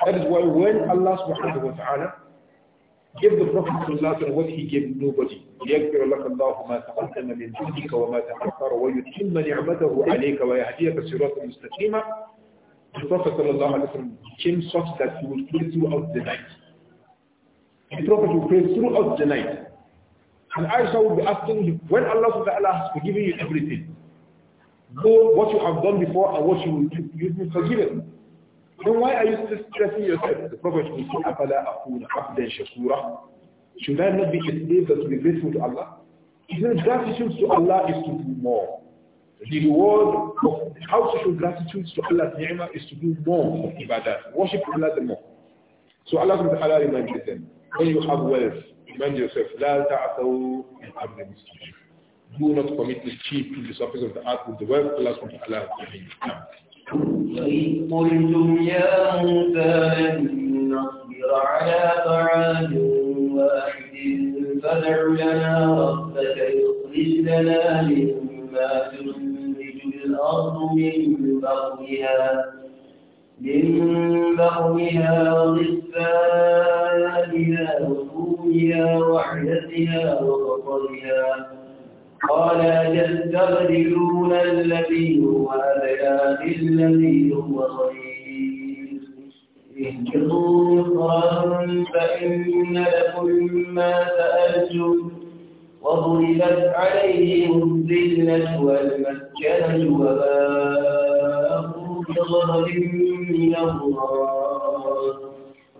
That is why when Allah subhanahu wa ta'ala give the Prophet ﷺ what he gave nobody. ليغفر لك الله ما تقدم من ذنبك وما تأخر ويتم نعمته عليك ويهديك صراطا مستقيما. The Prophet became such that he would pray throughout the night. The Prophet would pray throughout the night. And Aisha would be asking him, when Allah has forgiven you everything, both what you have done before and what you will do, you've been forgiven. Then why are you still stressing yourself? The Prophet will say, أَفَلَا أَكُونَ عَبْدًا shakura." Should I not be a slave that will be grateful to Allah? He said, gratitude to Allah is to do more. The reward of how to show gratitude to Allah, is to do more of ibadah. Worship Allah the more. So Allah subhanahu wa ta'ala reminded them, when you have wealth, remind yourself, لَا تَعْتَوْا مِنْ أَمْرِ مُسْلِمِنْ Do not commit mischief in the surface of the earth with the wealth Allah subhanahu wa ta'ala has given you. وإذ قلتم يا موسى لن نصبر على طعام واحد فدع لنا ربك يخرج لنا مما تنتج الأرض من بقرها من بقرها وغثائها وفومها وحدتها وبصرها قال يستغفرون الذي هو أدنى الذي هو خير اهبطوا فإن لكم ما سألتم وضربت عليهم الذلة والمسكنة وباءوا بغضب من الله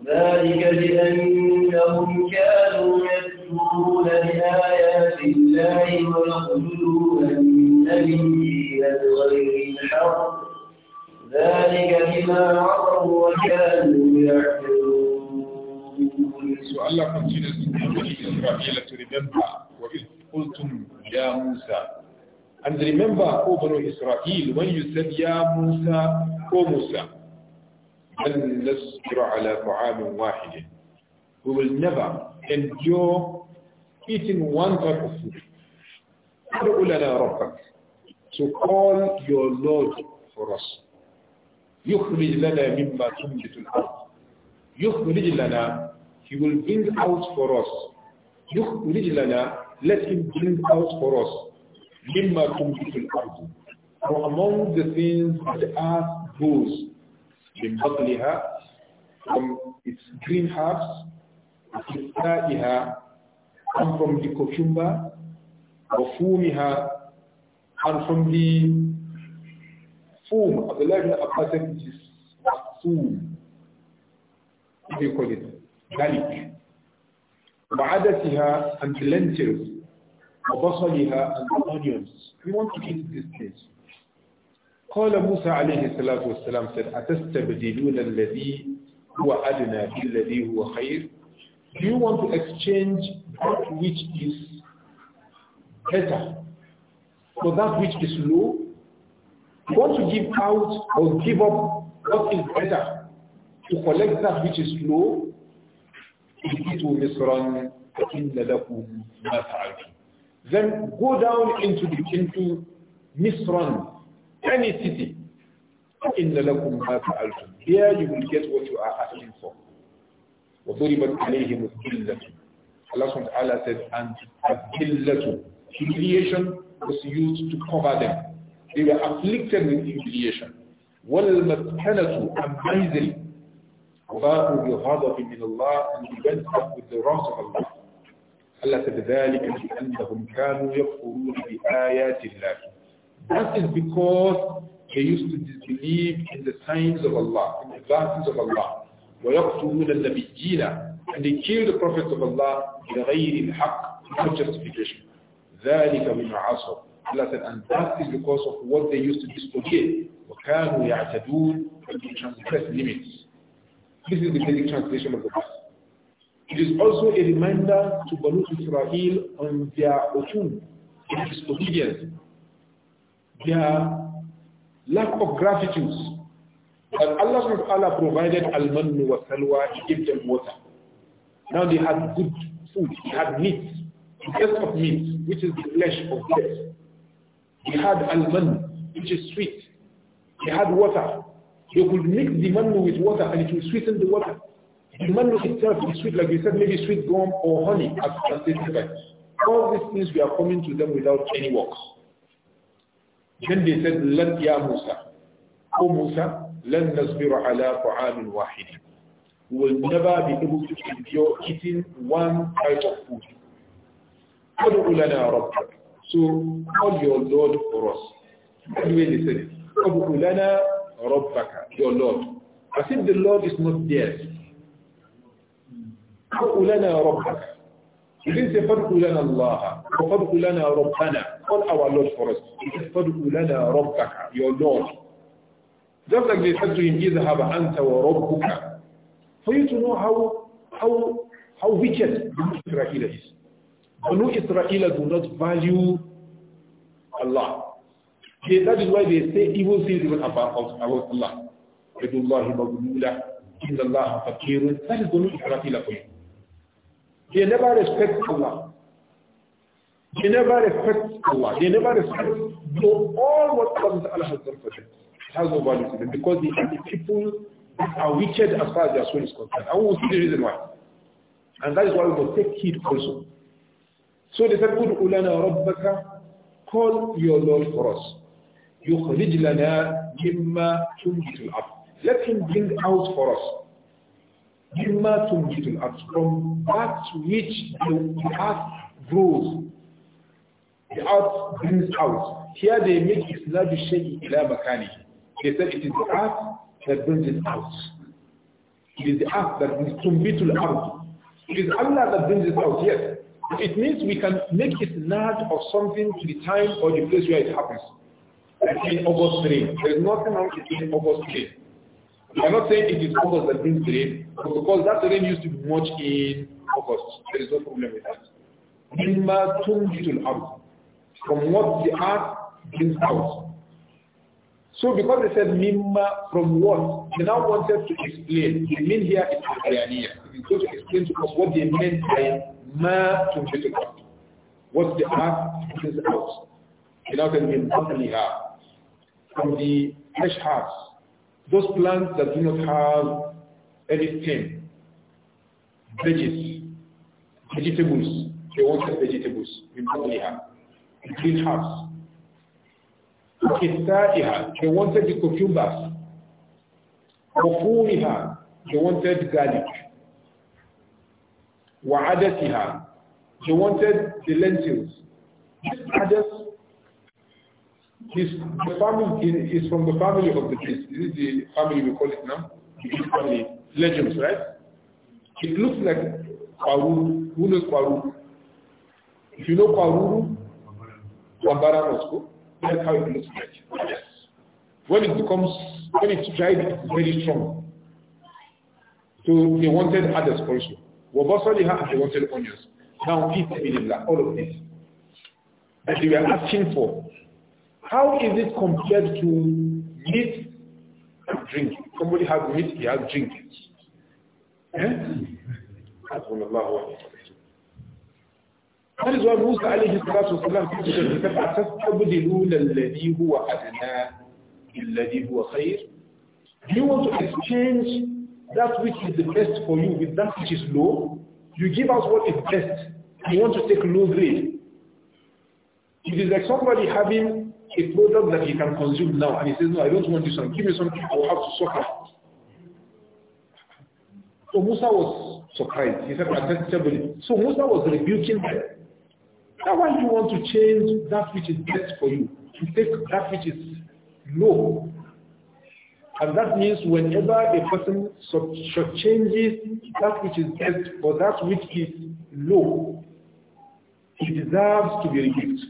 ذلك بأنهم كانوا يكفرون بآيات الله ويقتلون النبيين بغير الحق ذلك بما عصوا وكانوا يعتدون So Allah continues to tell Israel to remember what is قلتم يا موسى And remember, O Banu Israel, when you said, Ya Musa, O Musa, لن نصبر على طعام واحد we will never endure eating one type of food ادعو لنا ربك to call your Lord for us يخرج لنا مما تنبت الأرض يخرج لنا he will bring out for us يخرج لنا let him bring out for us مما تنبت الأرض from among the things that earth grows from its green herbs وكسائها and from the cucumber وفومها and from the foam of the life of a person which is foam what do you call it garlic وعدسها and the lentils وبصلها and the onions we want to eat this place قال موسى عليه salatu wassalam said, Atastabdiluna alladhi huwa adna billadhi huwa khair? Do you want to exchange that which is better for that which is low? You want to give out or give up what is better to collect that which is low? Then go down into the into Misran, any city, In the local فَعَلْتُمْ Here you will get what you are asking for. Allah said, and Humiliation was used to cover them. They were afflicted with humiliation. misery. And they went up with the wrath of Allah. Allah said, ذَلِكَ بِأَنَّهُمْ كَانُوا يَكْفُرُونَ بِآيَاتِ اللَّهِ that is because they used to disbelieve in the signs of Allah, in the verses of Allah. وَيَقْتُلُونَ النَّبِيِّينَ And they killed the prophets of Allah the الْحَقِّ Without justification. ذَلِكَ مِنْ عَصَرُ Allah said, and that is because of what they used to disobey. وَكَانُوا يَعْتَدُونَ And they transgress limits. This is the basic translation of the verse. It is also a reminder to Banu Israel on their own, their disobedience, their lack of gratitude. But Allah subhanahu provided al-mannu wa salwa, He gave them water. Now they had good food, they had meat, the best of meat, which is the flesh of death. They had al which is sweet. They had water. They could mix the mannu with water and it will sweeten the water. The mannu itself is sweet, like we said, maybe sweet gum or honey, as, as they said. All these things we are coming to them without any works. Then they said, Lan ya Musa. O Musa, lan nasbiru ala ta'amin wahid. We will never be able to one type of food. فَدْعُ لَنَا رَبَّكَ So call your Lord for us. Anyway, they said, فَدْعُ لَنَا رَبَّكَ Your Lord. As if the Lord is not there. فَدْعُ لَنَا رَبَّكَ You didn't say فَدْعُ لَنَا اللَّهَ وَفَدْعُ لَنَا رَبَّنَا Call our Lord for us. Your Lord. Just like they said to him, Izhab anta wa rabbuka. For you to know how, how, how wicked Banu Israel is. Banu Israel do not value Allah. They, that is why they say evil things even about, about Allah. Bidullahi maghmula, inna Allah faqirun. That is Banu Israel for you. They never respect Allah. They never respect Allah. They never respect so all what Allah has done for them. has no value to them because the people are wicked as far as their soul is concerned. I will see the reason why. And that is why we must take heed also. So they said, قُلْ أُلَنَا رَبَّكَ Call your Lord for us. يُخْرِجْ لَنَا مِمَّا تُنْجِتُ الْأَرْض Let him bring out for us مِمَّا تُنْجِتُ الْأَرْض From that which the earth grows the out brings out. Here they make Isnad al-Shay'i ila makani. They said it is the earth that brings it out. It is the earth be to the earth. It is Allah that brings it out, yes. It means we can make it not of something to the time or the place where it happens. Like in August 3. There is nothing wrong with in August 3. We are not saying it is August that brings the rain, but because that rain used to be much in August. There is no problem with that from what the earth brings out. So because they said mimma from what, they now wanted to explain. They mean here is Quraniya. They going to explain to us what they meant by ma to out. What the earth brings out. They now said mimma from the fresh herbs, those plants that do not have any stem, veggies, vegetables, they wanted vegetables, We probably have. Between greenhouse. Kistaiha, they wanted the cucumbers. Kofuriha, she wanted garlic. Wa'adatiha, she wanted the lentils. This others is the family is from the family of the beast. This is the family we call it now. family. Legends, right? It looks like Kwaru. Who knows Kwaru? If you know Kwaru, Wambara Roscoe, that's how it looks like. Yes. When it becomes, when it's dried, it's very strong. So they wanted others also. Wabasaliha, they wanted onions. Now, all of this. That they were asking for. How is it compared to meat and drink? Somebody has meat, he has drink. Eh? That is why Musa alayhi salatu said to them, هُوَ أَدْنَى هُوَ خَيْرٌ Do you want to exchange that which is the best for you with that which is low? You give us what is best. You want to take low grade. It is like somebody having a product that he can consume now and he says, no, I don't want this one. Give me something I will have to suffer. So Musa was surprised. He said, acceptable. So Musa was rebuking them. Now why you want to change that which is best for you? You take that which is low. And that means whenever a person changes that which is best for that which is low, he deserves to be rebuked.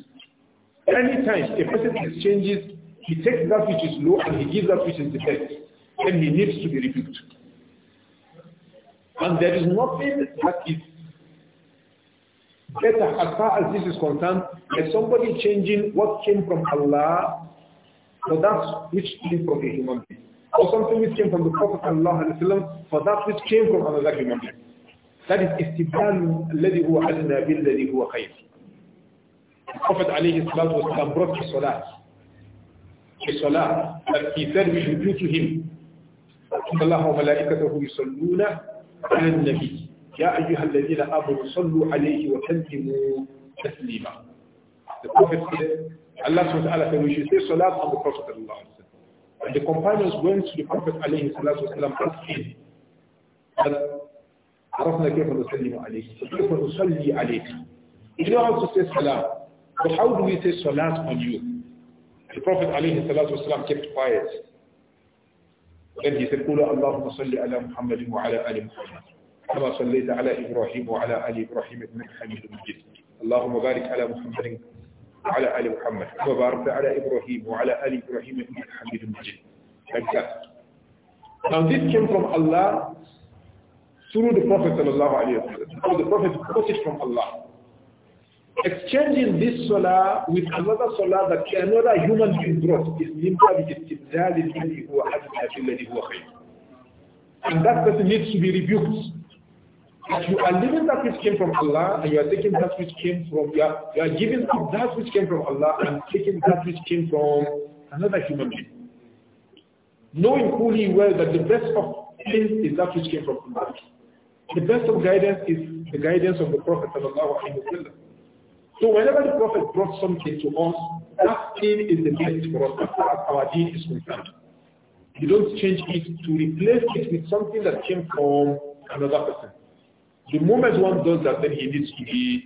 Anytime a person exchanges, he takes that which is low and he gives that which is the best, then he needs to be rebuked. And there is nothing that is better as far as this is concerned is somebody changing what came from Allah for that which came from a human being. Or something which came from the Prophet ﷺ for that which came from another human being. That is istibdal الذي هو أدنى بالذي هو خير. The Prophet ﷺ brought his salat. His salat that he said we should do to him. إن الله وملائكته يصلون على النبي يا أيها الذين آمنوا صلوا عليه وسلموا تسليما الله سبحانه وتعالى Allah subhanahu wa we should say salat on the And the companions went to the Prophet عليه الصلاة والسلام asking that عرفنا كيف نسلم عليك كيف نصلي عليك we know how to say salam but how do we say salat on you? The Prophet عليه الصلاة والسلام kept quiet. Then he said, قولوا اللهم صل على محمد وعلى آل محمد. كما صليت على إبراهيم وعلى آل إبراهيم إنك حميد مجيد اللهم بارك على محمد وعلى آل محمد كما باركت على إبراهيم وعلى آل إبراهيم إنك حميد مجيد Now this came from Allah through the Prophet sallallahu alayhi wa sallam. Now the Prophet quoted from Allah. Exchanging this salah with another salah that another human being brought is limpa باستبدال الذي هو حسن lillahi huwa khayyid. And that person needs to be rebuked that you are living that which came from Allah and you are taking that which came from you are, you are giving up that which came from Allah and taking that which came from another human being. Knowing fully well that the best of things is that which came from Allah. The best of guidance is the guidance of the Prophet. So whenever the Prophet brought something to us, that thing is the best for us as far as our deen is concerned. You don't change it to replace it with something that came from another person. The moment one does that, then he needs to be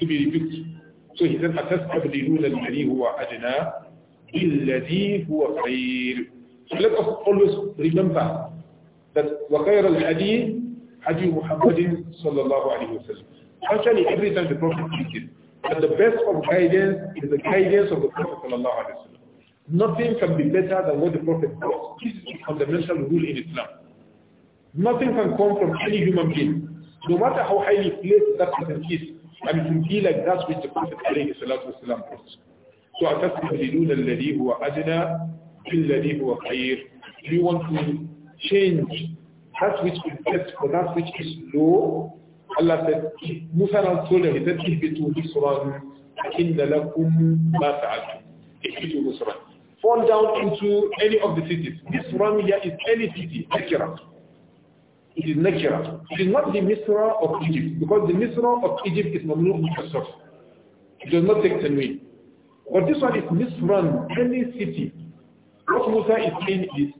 to be rebuked. So he said, أَتَسْتَبْدِلُونَ الَّذِي هُوَ أَدْنَى بِالَّذِي who are So let us always remember that وَخَيْرَ الْحَدِيثِ Hadi Muhammadin sallallahu alaihi wasallam. Actually, every time the Prophet speaks, that the best of guidance is the guidance of the Prophet sallallahu alaihi wasallam. Nothing can be better than what the Prophet taught. This is a fundamental rule in Islam. Nothing can come from any human being no matter how highly placed that person is, I mean, it be like that which the Prophet alayhi salatu wasalam taught. So أَتَسْتَبْدِلُونَ الَّذِي هُوَ أَدْنَى بِالَّذِي هُوَ خَيْرٌ Do you want to change that which is best for that which is low? Allah said, Musa told him, he said, إِهْبِتُوا مِصْرًا فَإِنَّ لَكُمْ مَا فَعَلْتُمْ إِهْبِتُوا مِصْرًا Fall down into any of the cities. This one here is any city, Akira it is natural. It is not the Misra of Egypt, because the Misra of Egypt is not mamluh mukassaf. It does not take ten years. But this one is in any city. What Musa is saying is,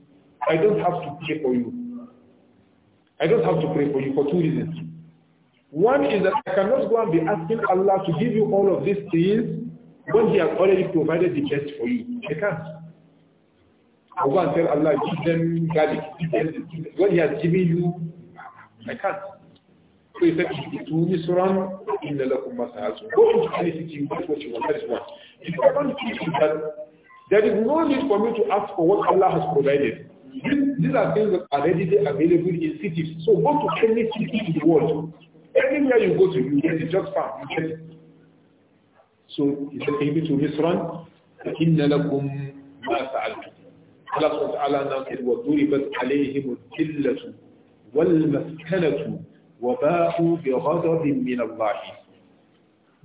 I don't have to pray for you. I don't have to pray for you for two reasons. One is that I cannot go and be asking Allah to give you all of these things when He has already provided the best for you. I can't. I'll go and tell Allah, give them garlic. What he has given you, I can't. So he said, it will be in the lakum masahasu. Go into any city, that's what you want, that is one. The second thing is that there is no need for me to ask for what Allah has provided. These are things that are readily available in cities. So go to any city in the world. Anywhere you go to, you get it just fine. You get it. So he said, "Take me to Misran, فَإِنَّ لَكُمْ مَا سَعَلْتُمْ Allah subhanahu wa وَضُرِبَتْ عَلَيْهِمُ وَالْمَسْكَنَةُ وَبَاءُوا بِغَضَبٍ مِّنَ اللَّهِ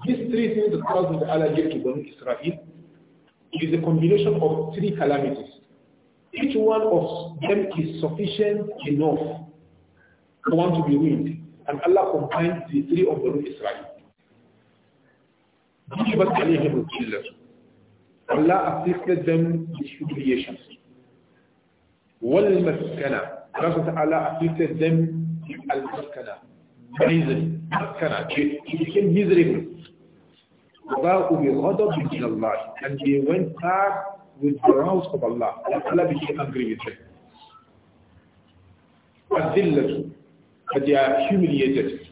These three things that Allah subhanahu wa to Banu Israel is a combination of three calamities. Each one of them is sufficient enough for one to be ruined. And Allah combined the three of Banu Israel. Allah assisted them with humiliations. والمسكنة Allah Ta'ala afflicted them with al-maskana, misery, maskana, they became miserable. وَبَاءُ بِغَضَبٍ مِنَ اللَّهِ And they went back with the wrath of Allah. Allah became angry with them. وَالذِلَّةُ But they are humiliated.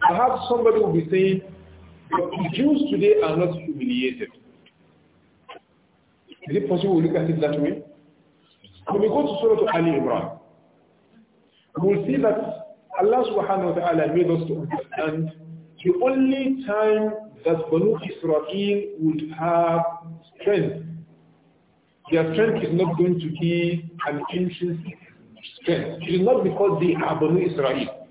Perhaps somebody will be saying, but the Jews today are not humiliated. Is it possible we look at it that way? When we go to Surah Ali Imran, we'll see that Allah subhanahu wa ta'ala made us to understand the only time that Banu Israel would have strength. Their strength is not going to be an intrinsic strength. It is not because they are Banu Israel.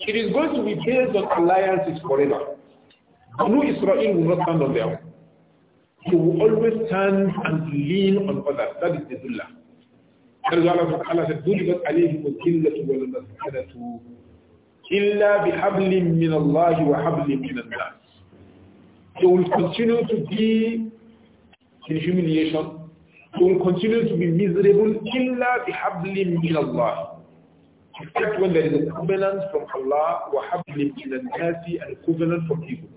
It is going to be based on alliances forever. Banu Israel will not stand on their own. They will always stand and lean on others. That is the Dullah. That is ضُرِبَتْ عَلَيْهِمُ إِلَّا بِحَبْلٍ مِّنَ اللَّهِ وَحَبْلٍ مِّنَ النَّاسِ They will continue to be in humiliation. They will continue to be miserable. إِلَّا بِحَبْلٍ مِّنَ اللَّهِ Except when there is a covenant from Allah, وَحَبْلٍ مِّنَ النَّاسِ and a covenant from people.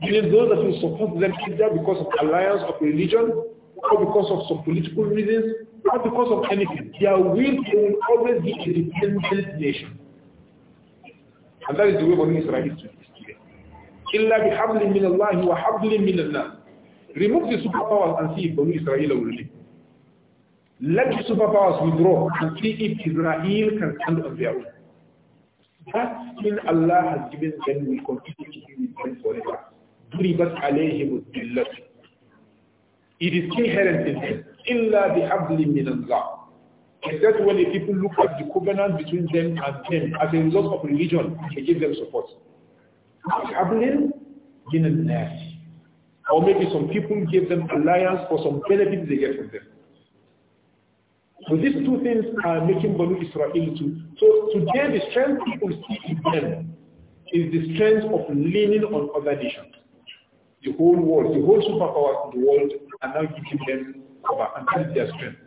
Meaning those that will support them either because of alliance of religion or because of some political reasons not because of anything. Their will, they will always be a dependent nation. And that is the way of Israel is today. إِلَّا بِحَبْلٍ مِّنَ اللَّهِ وَحَبْلٍ مِّنَ النَّاسِ Remove the superpowers and see if Bani Israel will live. Let the superpowers withdraw and see if Israel can stand on their own. That sin Allah has given them will continue to be with them forever. ضربت عليهم الذلة. It is inherent in them. إِلَّا بِحَبْلٍ مِّنَ اللَّهِ Except when the people look at the covenant between them and them as a result of religion, they give them support. بِحَبْلٍ مِّنَ النَّاسِ Or maybe some people give them alliance for some benefits they get from them. So these two things are making Banu Israel to. So today the strength people see in them is the strength of leaning on other nations. The whole world, the whole superpowers in the world are now giving them cover, and that is their strength.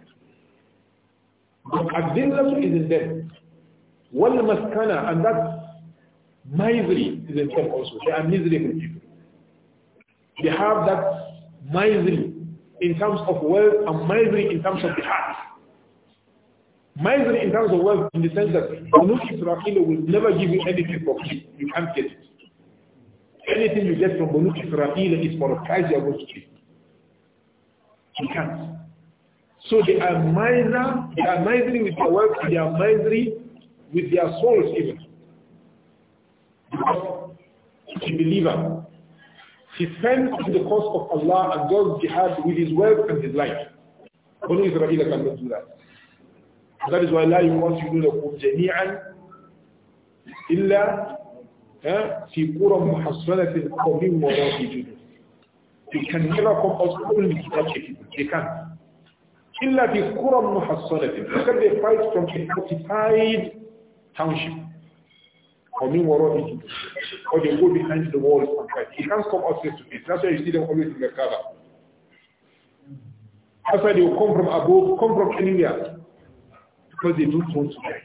But Adillatu is in them. Wal maskana, and that misery is in them also. They are miserable people. They have that misery in terms of wealth and misery in terms of the heart. Misery in terms of wealth in the sense that Banu Israel will never give you anything for free. You can't get it. Anything you get from Banu Israel is for a price you are going to pay. You can't. So they are miser, they are misery with their wealth, they are misery with their souls even. Because a believer, he spends in the cause of Allah and God's jihad with his wealth and his life. Banu Israel cannot do that. That is why Allah wants you to know جميعا إلا في قرى محصنة قوم وراء جنود. They can never come out only without a people. They can't. إلا في قرى محصنة except they fight from a fortified township or mean وراء or they go behind the walls and fight. He can't come out to face. That's why you see them always in the cover. That's why they will come from above, come from anywhere. Because they don't want to die.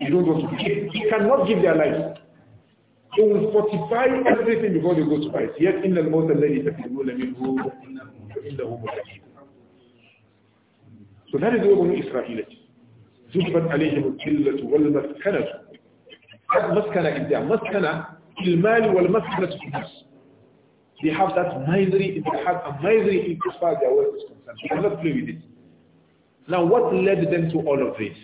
They don't want to die. They cannot give their life. They will fortify everything before they go to fight. Yet in the most already that you will let me go in the home to na rizuwa banu isra'ila ce zuban alaihim al-qillatu المال والمسكنة في النفس They have that misery in their heart and misery in as far as their work is concerned. They cannot play with it. Now what led them to all of this?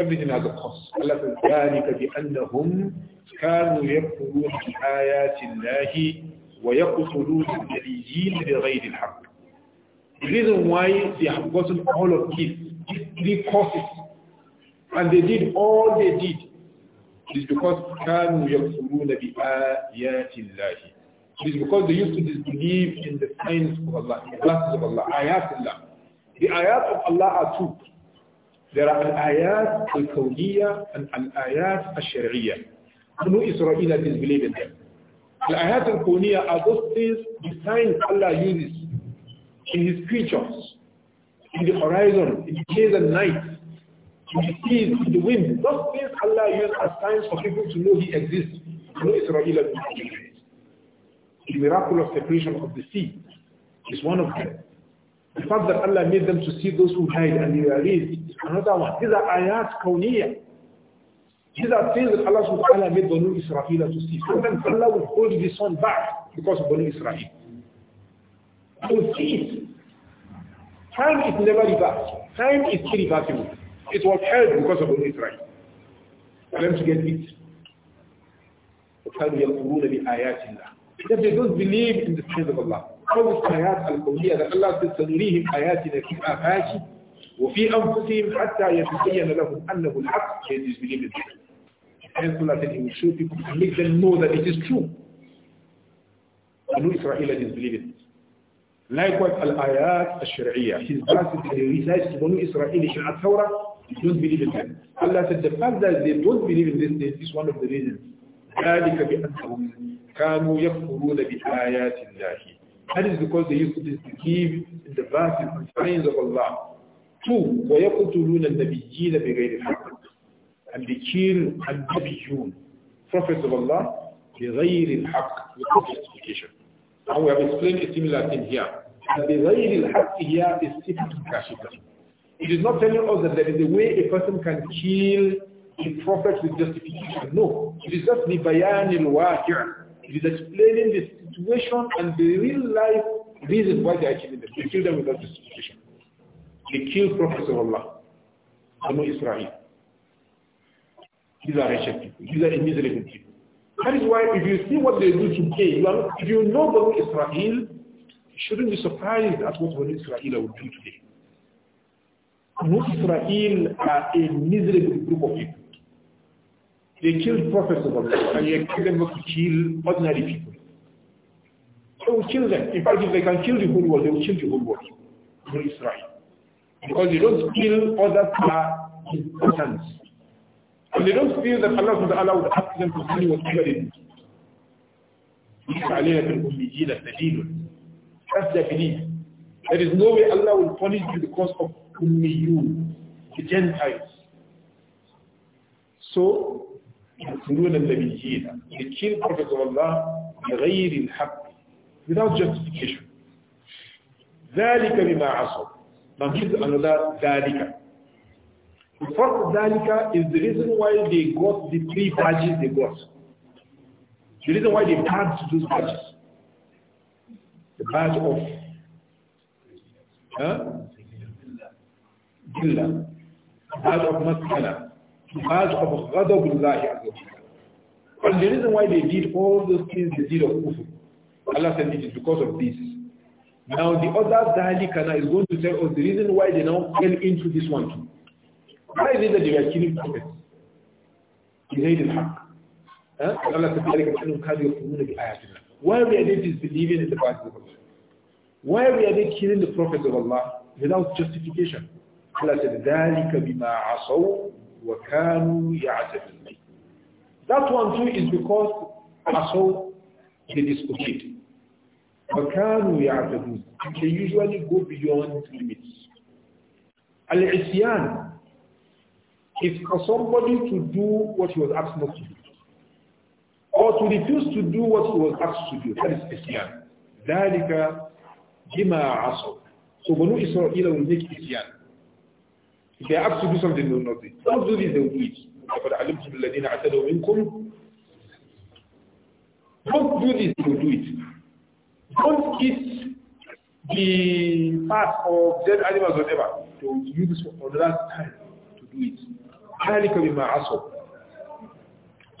Everything has a cost. Allah says, ذَلِكَ بِأَنَّهُمْ كَانُوا يَكْفُرُونَ بِآيَاتِ اللَّهِ وَيَقْتُلُونَ النَّبِيِّينَ بِغَيْرِ الْحَقِّ The reason why they have gotten all of these, these three courses, and they did all they did, is because It is because they used to disbelieve in the signs of Allah, in the blessings of Allah, ayat Allah. The ayat of Allah are two. There are al-ayat al-kawliya and al-ayat al-shari'iyya. Banu Israel disbelieved in them. The ayat al-kawliya are those things, the signs Allah uses in his creatures, in the horizon, in the days and nights, in the seas, in the wind. Those things Allah uses as signs for people to know He exists. No Israel The miracle of separation of the sea is one of them. The fact that Allah made them to see those who hide and they are raised is another one. These are ayat kawniyah. These are things that Allah subhanahu wa ta'ala made Banu Israel to see. Sometimes Allah will hold the sun back because of Banu Israel. You see it. Time is never reversed. Time is irreversible. It was held because of Bani Israel. For them to get it. وكانوا That they don't believe in the strength of Allah. All these ayat al-qawliya that Allah says, سنريهم آياتنا في آفاك وفي أنفسهم حتى يتبين لهم أنه الحق. They disbelieve in it. And Allah said, He will show people and make them know that it is true. Banu Israel disbelieved. Likewise, al-ayat al-shari'iyah. His verses that he recites to Banu Israel in al-Torah, don't believe in them. Allah said the fact that they don't believe in this thing is one of the reasons. ذلك بأنهم كانوا يكفرون بآيات الله. That is because they used to disbelieve in the verses and signs of Allah. Two, ويقتلون النبيين بغير حق. And they kill النبيون, prophets of Allah, بغير الحق, without justification. And we have explained a similar thing here. That the غير الحق here is kashika. It is not telling us that there is a way a person can kill a prophet with justification. No. It is just the bayan al It is explaining the situation and the real life reason why they are killing them. They kill them without justification. They kill prophets of Allah. Banu Israel. These are wretched people. These are miserable people. That is why if you see what they do today, if you know Banu Israel, you shouldn't be surprised at what Banu Israel would do today. Banu Israel are a miserable group of people. They killed prophets of Allah and you expect them to kill ordinary people. They will kill them. In fact, if they can kill the whole world, they will kill the whole world. Israel. Because they don't kill others are important. And they don't feel that Allah Ta'ala would ask them to do whatever they do. That's their belief. There is no way Allah will punish you because of You, the Gentiles. So, يقتلون النبيين They kill Prophet of Allah بغير الحق without justification. ذلك بما عصوا. Now here's another ذلك. First Dalika is the reason why they got the three badges they got. The reason why they had those badges. The badge of huh? Gilla, badge of Maskana, badge of Ghadabullah. And the reason why they did all those things they did of Kufr, Allah said it is because of this. Now the other Dalika is going to tell us the reason why they now fell into this one too. Why is it that you are killing prophets? بغير الحق. Allah كانوا بآياتنا. Why are they believing in the Bible of Why they killing the prophets of Allah without justification? Allah said, ذلك بما عصوا وكانوا يعتدون. That one too is because عصوا they disobeyed. وكانوا يعتدون. They usually go beyond limits. Al-Isyan is for somebody to do what he was asked not to do, or to refuse to do what he was asked to do. That is Isyan. ذَلِكَ بِمَا عَصَوْا So Banu Israel will make Isyan. If they are asked to do something, they will not do it. Don't do this, they will do it. لَقَدْ عَلِمْتُمُ الَّذِينَ عَتَدَوْا مِنْكُمْ Don't do this, they will do it. Don't eat the part of dead animals, or whatever. They will use this for another time to do it. ذَلِكَ بِمَا عَصَوْا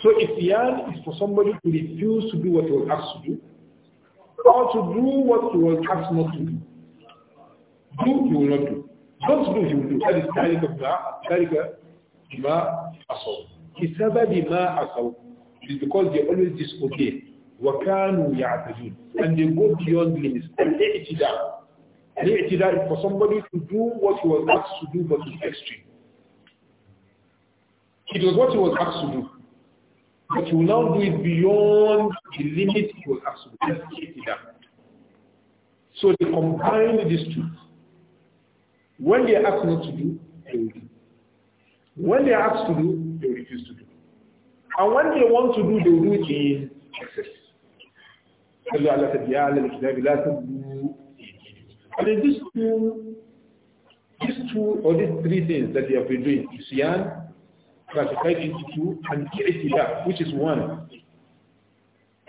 So Isyan is for somebody to refuse to do what he was asked to do, or to do what he was asked not to do. Do, he will not do. Don't do, he will do. That is ذَلِكَ بِمَا ذَلِكَ بِمَا عَصَوْا بِسَبَبِ مَا عَصَوْا It is because they always disobey. وَكَانُوا يَعْتَدُونَ And they go beyond limits. And they it down. And for somebody to do what he was asked to do but to extreme. It was what he was asked to do. But he will now do it beyond the limit he was asked to do. So they combine these two. When they are asked not to do, they will do. When they are asked to do, they refuse to do. And when they want to do, they will do it in excess. And in these two, these two or these three things that they have been doing, Isyan, classified into and which is one.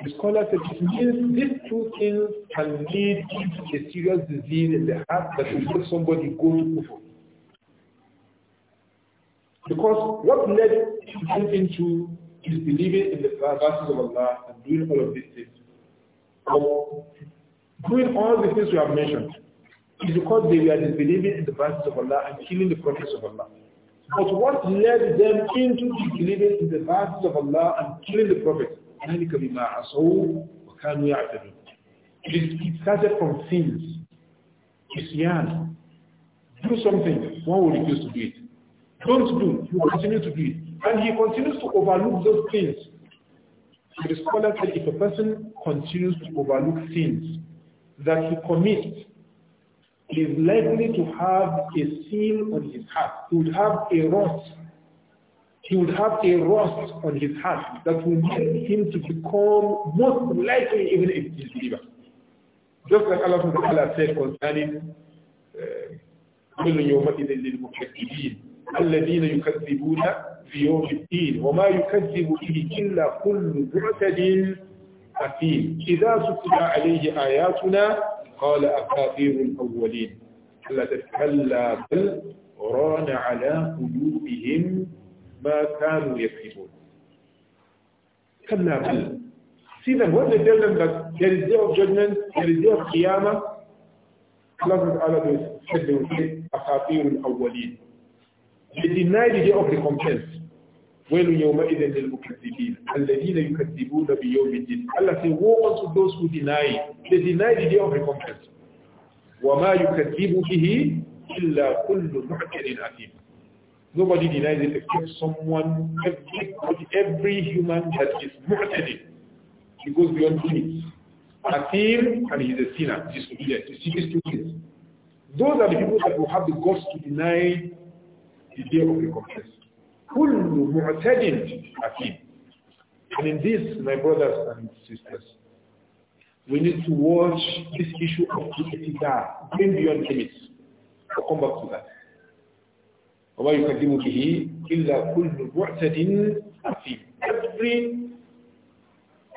The scholar said it means these two things can lead to a serious disease in the heart that will make somebody go to kufr. Because what led them into is believing in the verses of Allah and doing all of these things. doing all the things we have mentioned is because they were disbelieving in the verses of Allah and killing the prophets of Allah. But what led them into believing in the verses of Allah and killing the Prophet? It started from sins. Isyan. Do something, one will refuse to do it. Don't do, you continue to do it. And he continues to overlook those things. So the scholar said if a person continues to overlook sins that he commits, is likely to have a seal on his heart. He would have a rust. He would have a rust on his heart that will make him to become most likely even a disbeliever. Just like Allah subhanahu said concerning كل يومئذ للمكذبين الذين يكذبون في يوم الدين وما يكذب به إلا كل معتد أثيم إذا تتلى عليه آياتنا قال أكاثير الأولين كلا بل ران على قلوبهم ما كانوا يكسبون كلا بل سيدا what they tell them that there is day of judgment there is day of qiyamah Allah Ta'ala said they will say أكاثير الأولين they deny the day of recompense ويل يومئذ للمكذبين الذين يكذبون بيوم الدين Allah say woe unto those who deny they deny the day of recompense وما يكذب به إلا كل معتد أثيم Nobody denies it except someone, every, every human that is mu'tadid. He goes beyond limits. Athim, and he's a sinner, disobedient. You see these two things. Those are the people that will have the guts to deny the day of recompense. كل معتد أثيم and in this my brothers and sisters we need to watch this issue of الاعتداء going beyond limits we'll come back to that وما يكذب به إلا كل معتد أثيم every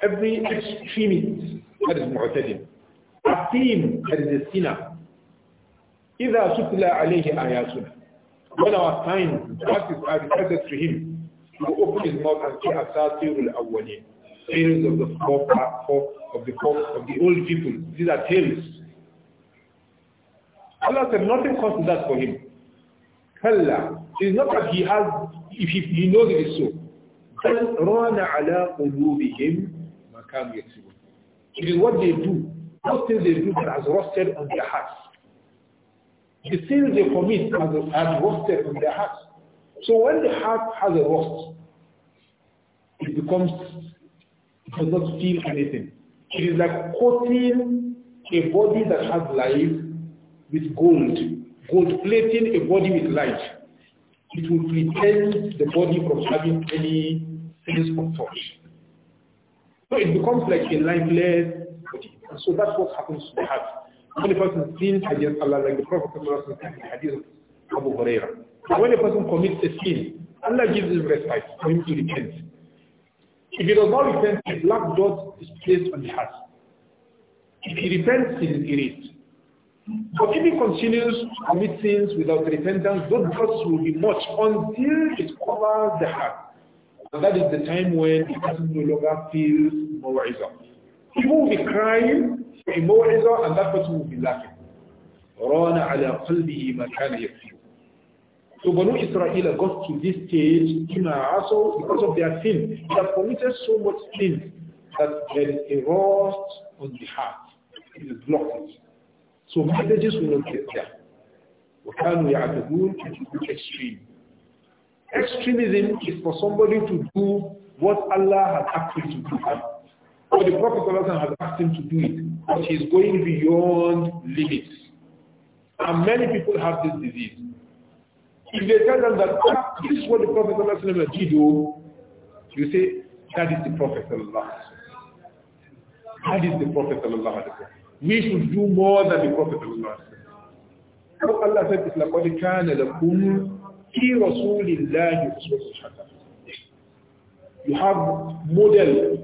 every extremist that is معتد أثيم that is a sinner إذا تتلى عليه آياتنا when our time passes, I recited to him, he will open his mouth and say, Asatirul the tales of the four, four of the four, of the old people. These are tales. Allah said nothing comes to that for him. Allah It is not that he has, if he, he knows it is so. then ران Allah will move كانوا It is what they do. Those things they do that has rusted on their hearts the sins they commit have rusted in their hearts. So when the heart has a rust, it becomes, it does not feel anything. It is like coating a body that has life with gold, gold plating a body with light. It will pretend the body from having any sense of touch. So it becomes like a lifeless body. And so that's what happens to the heart when a person sins against Allah, like the Prophet in the hadith of Abu Huraira, when a person commits a sin, Allah gives him respite for him to repent. If he does not repent, a black dot is placed on his heart. If he repents, he is erased. But if he continues to commit sins without repentance, those dots will be much until it covers the heart. And that is the time when the person no longer feels more reason. People will be crying موعظة ران على قلبه ما كان So Banu Israel got to this stage in also because of their sin. They have committed so much sin that there is a rust on the heart. It is blocked. So messages will not get there. وكانوا يعتدون to extreme. Extremism is for somebody to do what Allah has asked him to do. But the Prophet has asked him to do it. But he's going beyond limits. And many people have this disease. If they tell them that ah, this is what the Prophet did, oh, you say, that is the Prophet. That is the Prophet. We should do more than the Prophet. So Allah said, لَقَدْ كَانَ لَكُمْ فِي رَسُولِ اللَّهِ رَسُولُ You have model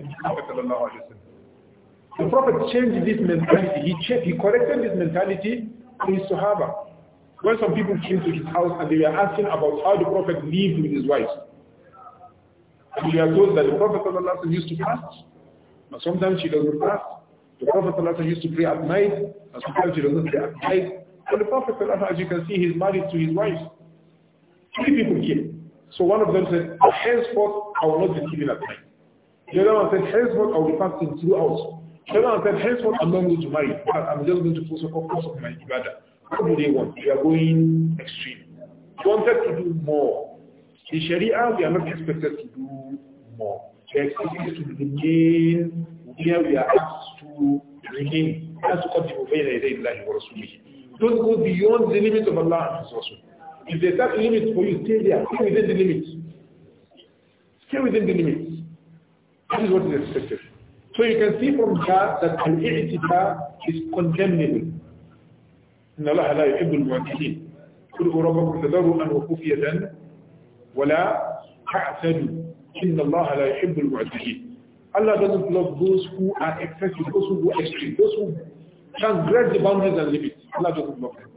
the Prophet changed this mentality. He, changed, he corrected this mentality to his Sahaba. When some people came to his house and they were asking about how the Prophet lived with his wife. And we are told that the Prophet used to fast. But sometimes she doesn't fast. The Prophet used to pray at night. And sometimes she doesn't pray at night. But the Prophet ﷺ, as you can see, he's married to his wife. Three people came. So one of them said, henceforth I will not be sleeping at night. The other one said, henceforth I will be fasting throughout. Shaitan said, henceforth I'm not going to marry. I'm just going to focus on my ibadah. What do they want? They are going extreme. They wanted to do more. In Sharia, we are not expected to do more. We are expected to remain where we are asked to remain. Don't go beyond the limit of Allah and His Rasul. If there's that limit for you, stay there. Stay within the limits. Stay within the limits. That is what is expected. So you can see from that that al-i'tikaf is condemnable. إن الله لا يحب المعتدين كلوا ربكم تضرعا وخفية ولا تعتدوا إن الله لا يحب المعتدين Allah doesn't love those who are excessive, those who go extreme, those who transgress the boundaries and limits. Allah doesn't love them.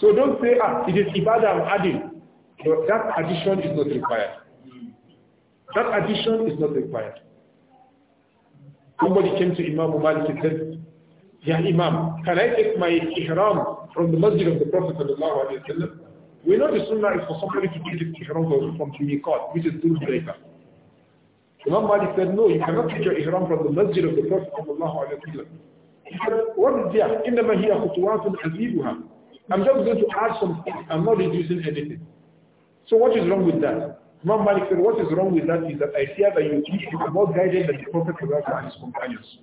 So don't say, ah, it is ibadah I'm adding. No, that addition is not required. That addition is not required. Somebody came to Imam Malik and said, Ya Imam, can I take my ihram from the masjid of the Prophet sallallahu We know the sunnah is for somebody to take the ihram from the miqat, which is Dhul Hulayfa. Imam Malik said, no, you cannot take your ihram from the masjid of the Prophet sallallahu He said, what is there? ma hiya هِيَ خُطُوَاتٌ أَزِيدُهَا I'm just going to add some I'm not reducing anything. So what is wrong with that? Imam Malik said, what is wrong with that is that I fear that you are more guided than the Prophet and his companions.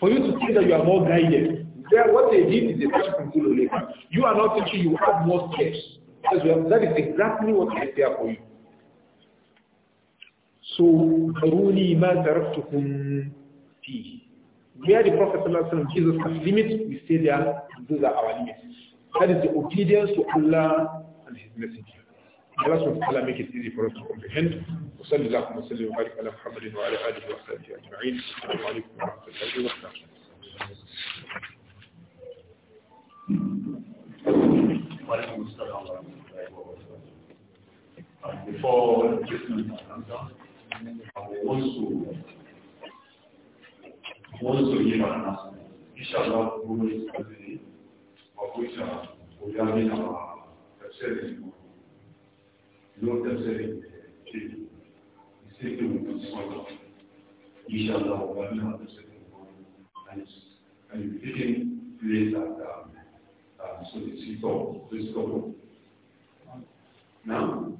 For you to think that you are more guided, there, what they did is they tried to control later. You are not thinking you have more steps. As well. That is exactly what I fear for you. So, أروني ما تركتكم فيه. Where the Prophet ﷺ and Jesus a limit, we stay there, those are our limits. That is the obedience to Allah and His Messenger. على سوف كلامك تيزي فرصكم بهند وصل الله وصل وبارك على محمد وعلى آله وصحبه أجمعين السلام عليكم ورحمة الله وبركاته Before the Christmas I want to give my answer. Inshallah, we will be able to The تفسير السكن والصلاة إن شاء الله وبعدها تفسير and taking place at um, um, the Sito, this couple. Now,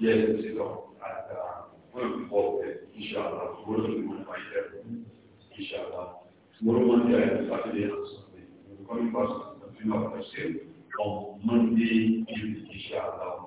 yes, the Sito, at uh, one of the halls there, inshallah, tomorrow will be one of my there, inshallah. Tomorrow, Monday, and Saturday, and Sunday. We're coming past the funeral of the same on Monday evening, inshallah.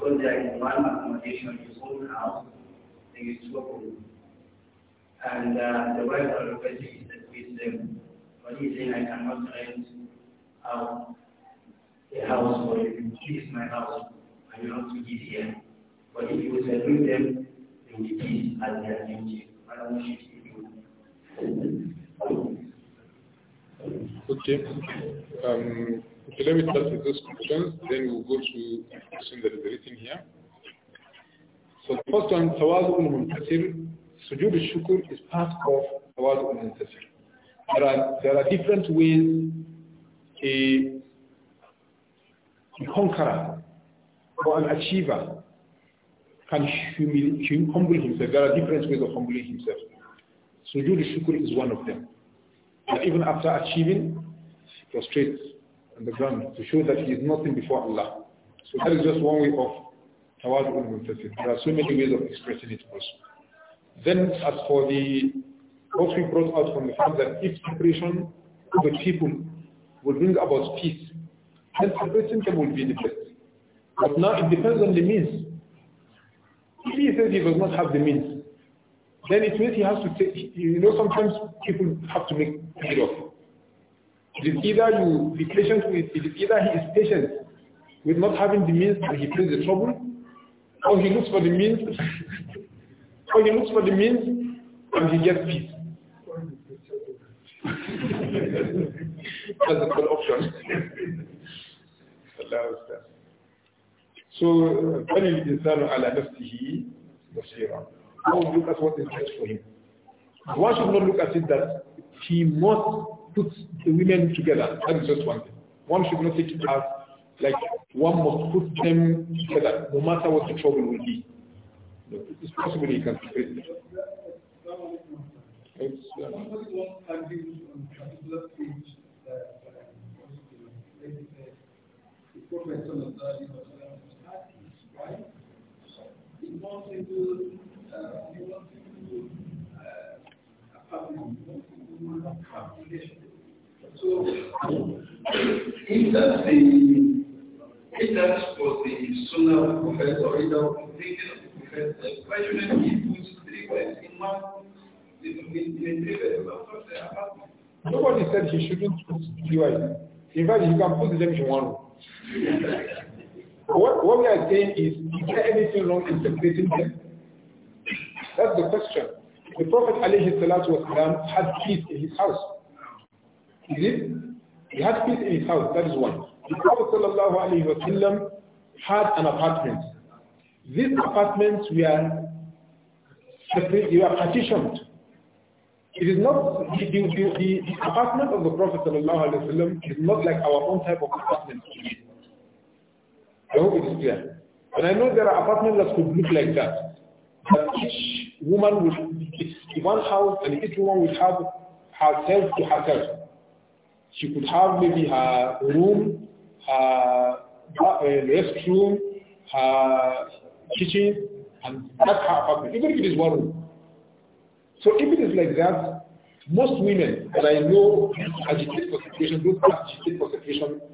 because there is one accommodation, his own house, and his workroom. And uh, the wife are requesting that with them, but he's saying, I cannot rent out the house for you. This my house. I belong to this here. But if you separate them, they will be as their duty. Okay. Um, Okay, let me start with those questions, then we'll go to the question that is written here. So the first one, Tawadu al-Muntasir, Sujud shukr is part of Tawadu al-Muntasir. There are, there are different ways a, a conqueror or an achiever can humil- humble himself. There are different ways of humbling himself. Sujud al-Shukr is one of them. And even after achieving, he on the ground to show that he is nothing before Allah. So that is just one way of tawadul muntasib. There are so many ways of expressing it also. Then as for the what we brought out from the fact that if separation of the people will bring about peace, then separating them will be the best. But now it depends on the means. If he says he does not have the means, then it means he has to take, you know, sometimes people have to make trade it is either you be patient with, it is either he is patient with not having the means and he feels the trouble, or he looks for the means, or he looks for the means and he gets peace. That's the third option. so, فَلِلْإِنسَانُ عَلَى نَفْسِهِ بَصِيرًا Now look at what is best for him. One should not look at it that he must put the women together. That is just one thing. One should not take it as like one must put them together, no matter what the trouble will be. It's possible you can so, if that's the, if that was the sooner Prophet or either of the Prophet, why shouldn't he put three words in one? Nobody said he shouldn't put three words. In fact, you can put them you want. what, what we are saying is, is there anything wrong in separating them? That's the question. The Prophet ﷺ had peace in his house it? He had peace in his house, that is one. The Prophet ﷺ had an apartment. These apartments were, separate, they were partitioned. It is not, the, the, the, the apartment of the Prophet ﷺ is not like our own type of apartment. I hope it is clear. And I know there are apartments that could look like that. That each woman would, it's one house and each woman would have herself to herself. She could have maybe her room, her uh, restroom, her kitchen, and that's her apartment, even if it is one room. So if it is like that, most women that I know agitate for separation, don't agitate for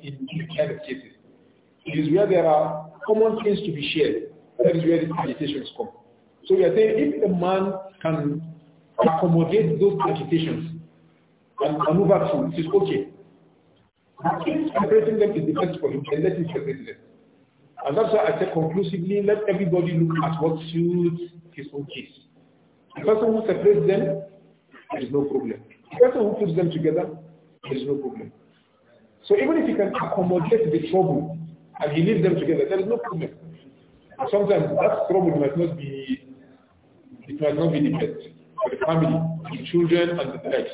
in the kind of cases. It is where there are common things to be shared. That is where the agitations come. So we are saying if a man can accommodate those agitations, and maneuver through, it is okay. But if separating them is the best for him and let him separate them. And that's why I said conclusively, let everybody look at what suits his own case. The person who separates them, there is no problem. The person who puts them together, there is no problem. So even if he can accommodate the trouble and he leaves them together, there is no problem. Sometimes that trouble might not be, it might not be the best for the family, the children, and the likes.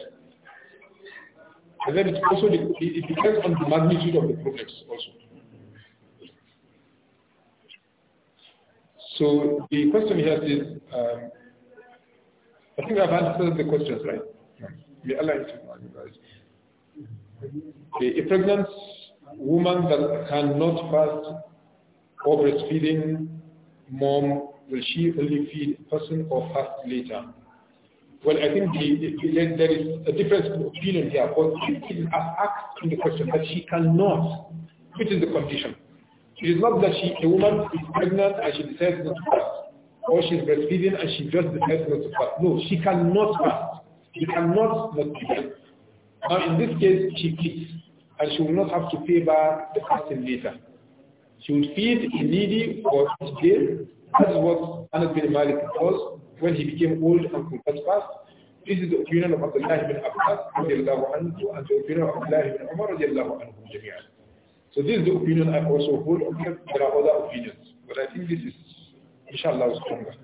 And then it also it depends on the magnitude of the problems also. So the question here is, um, I think I've answered the questions, right? May Allah A pregnant woman that cannot fast or breastfeeding mom, will she only feed person or fast later? Well, I think the, the, there is a difference of opinion here, but has asked in the question that she cannot, put in the condition. It is not that she, a woman is pregnant and she decides not to fast, or she is breastfeeding and she just decides not to fast. No, she cannot fast. She cannot not fast. Now, in this case, she eats, and she will not have to pay back the fasting later. She will feed a needy for each day. That is what Anas bin Malik does when he became old and confessed fast. This is the opinion of Abdullah ibn Abbas and the opinion of Abdullah ibn Umar So this is the opinion I also hold. Okay, there are other opinions, but I think this is, inshallah, stronger.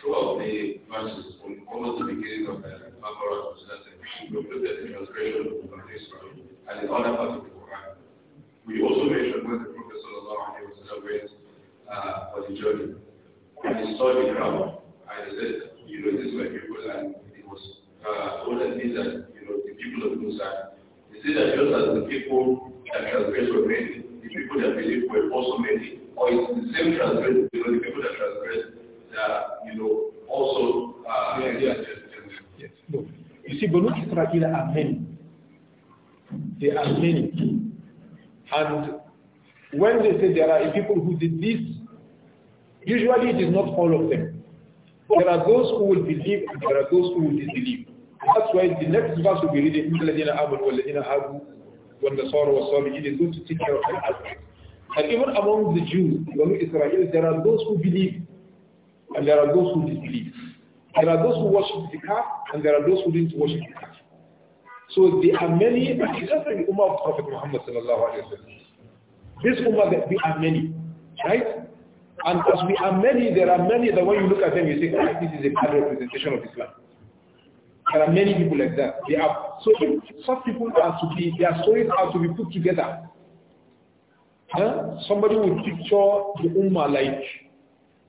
throughout the verses, from almost the beginning of the Barbara, that the transgression of Israel and the other part of we also mentioned when the Prophet sallallahu went uh, for the journey, and he saw the crowd, and he said, you know, this is my people, and it was uh, told that these you know, the people of Musa. He said that just as the people that transgressed were many, the people that believed were also many, or it's the same transgress, you know, the people that transgressed, that, you know, also, uh, yes, yes, yes, yes. No. You see, Banu Israel are many. They are many. And when they say there are people who did this, usually it is not all of them. There are those who will believe and there are those who will disbelieve. That's why the next verse will be reading, الَّذِينَ آمَنُوا وَالَّذِينَ هَادُوا وَالنَّصَارَى وَالصَّابِئِينَ is going to take care of it. And even among the Jews, among Israel, there are those who believe and there are those who disbelieve. There are those who worship the calf and there are those who didn't worship the calf. So there are many, but it's just like the Ummah of Prophet Muhammad sallallahu alayhi wa sallam. This Ummah, there are many, right? And as we are many, there are many that when you look at them, you say, "Right, ah, this is a bad representation of Islam. There are many people like that. They are, so some people are to be, their stories are to be put together. Huh? Somebody will picture the Ummah like,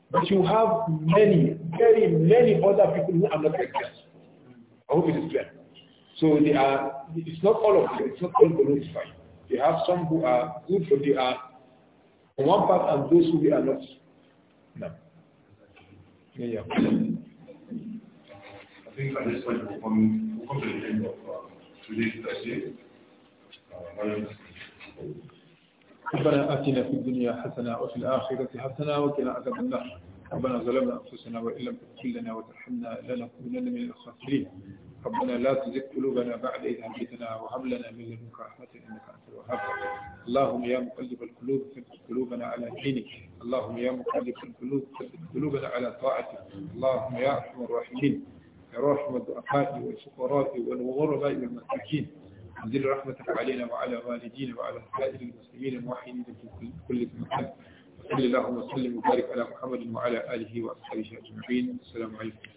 but you have many, very many other people who are not like that. I hope it is clear. So they are, it's not all of them, it's not all glorified. They have some who are good, but they are on one part and those who are not. No. Yeah, yeah. I think at this point we'll come, we'll come to the end of uh, today's session. Uh, ربنا آتنا في الدنيا وفي وقنا عذاب النار ربنا ظلمنا أنفسنا وإن لم تغفر لنا وترحمنا لنكونن من الخاسرين ربنا لا تزغ قلوبنا بعد إذ هديتنا وهب لنا من لدنك رحمة إنك أنت الوهاب اللهم يا مقلب القلوب ثبت قلوبنا على دينك اللهم يا مقلب القلوب ثبت قلوبنا على طاعتك اللهم يا أرحم الراحمين يا راحم الضعفاء والفقراء والغرباء والمساكين انزل رحمتك علينا وعلى والدينا وعلى سائر المسلمين الموحدين في كل مكان وصل اللهم وسلم وبارك على محمد وعلى آله وأصحابه أجمعين السلام عليكم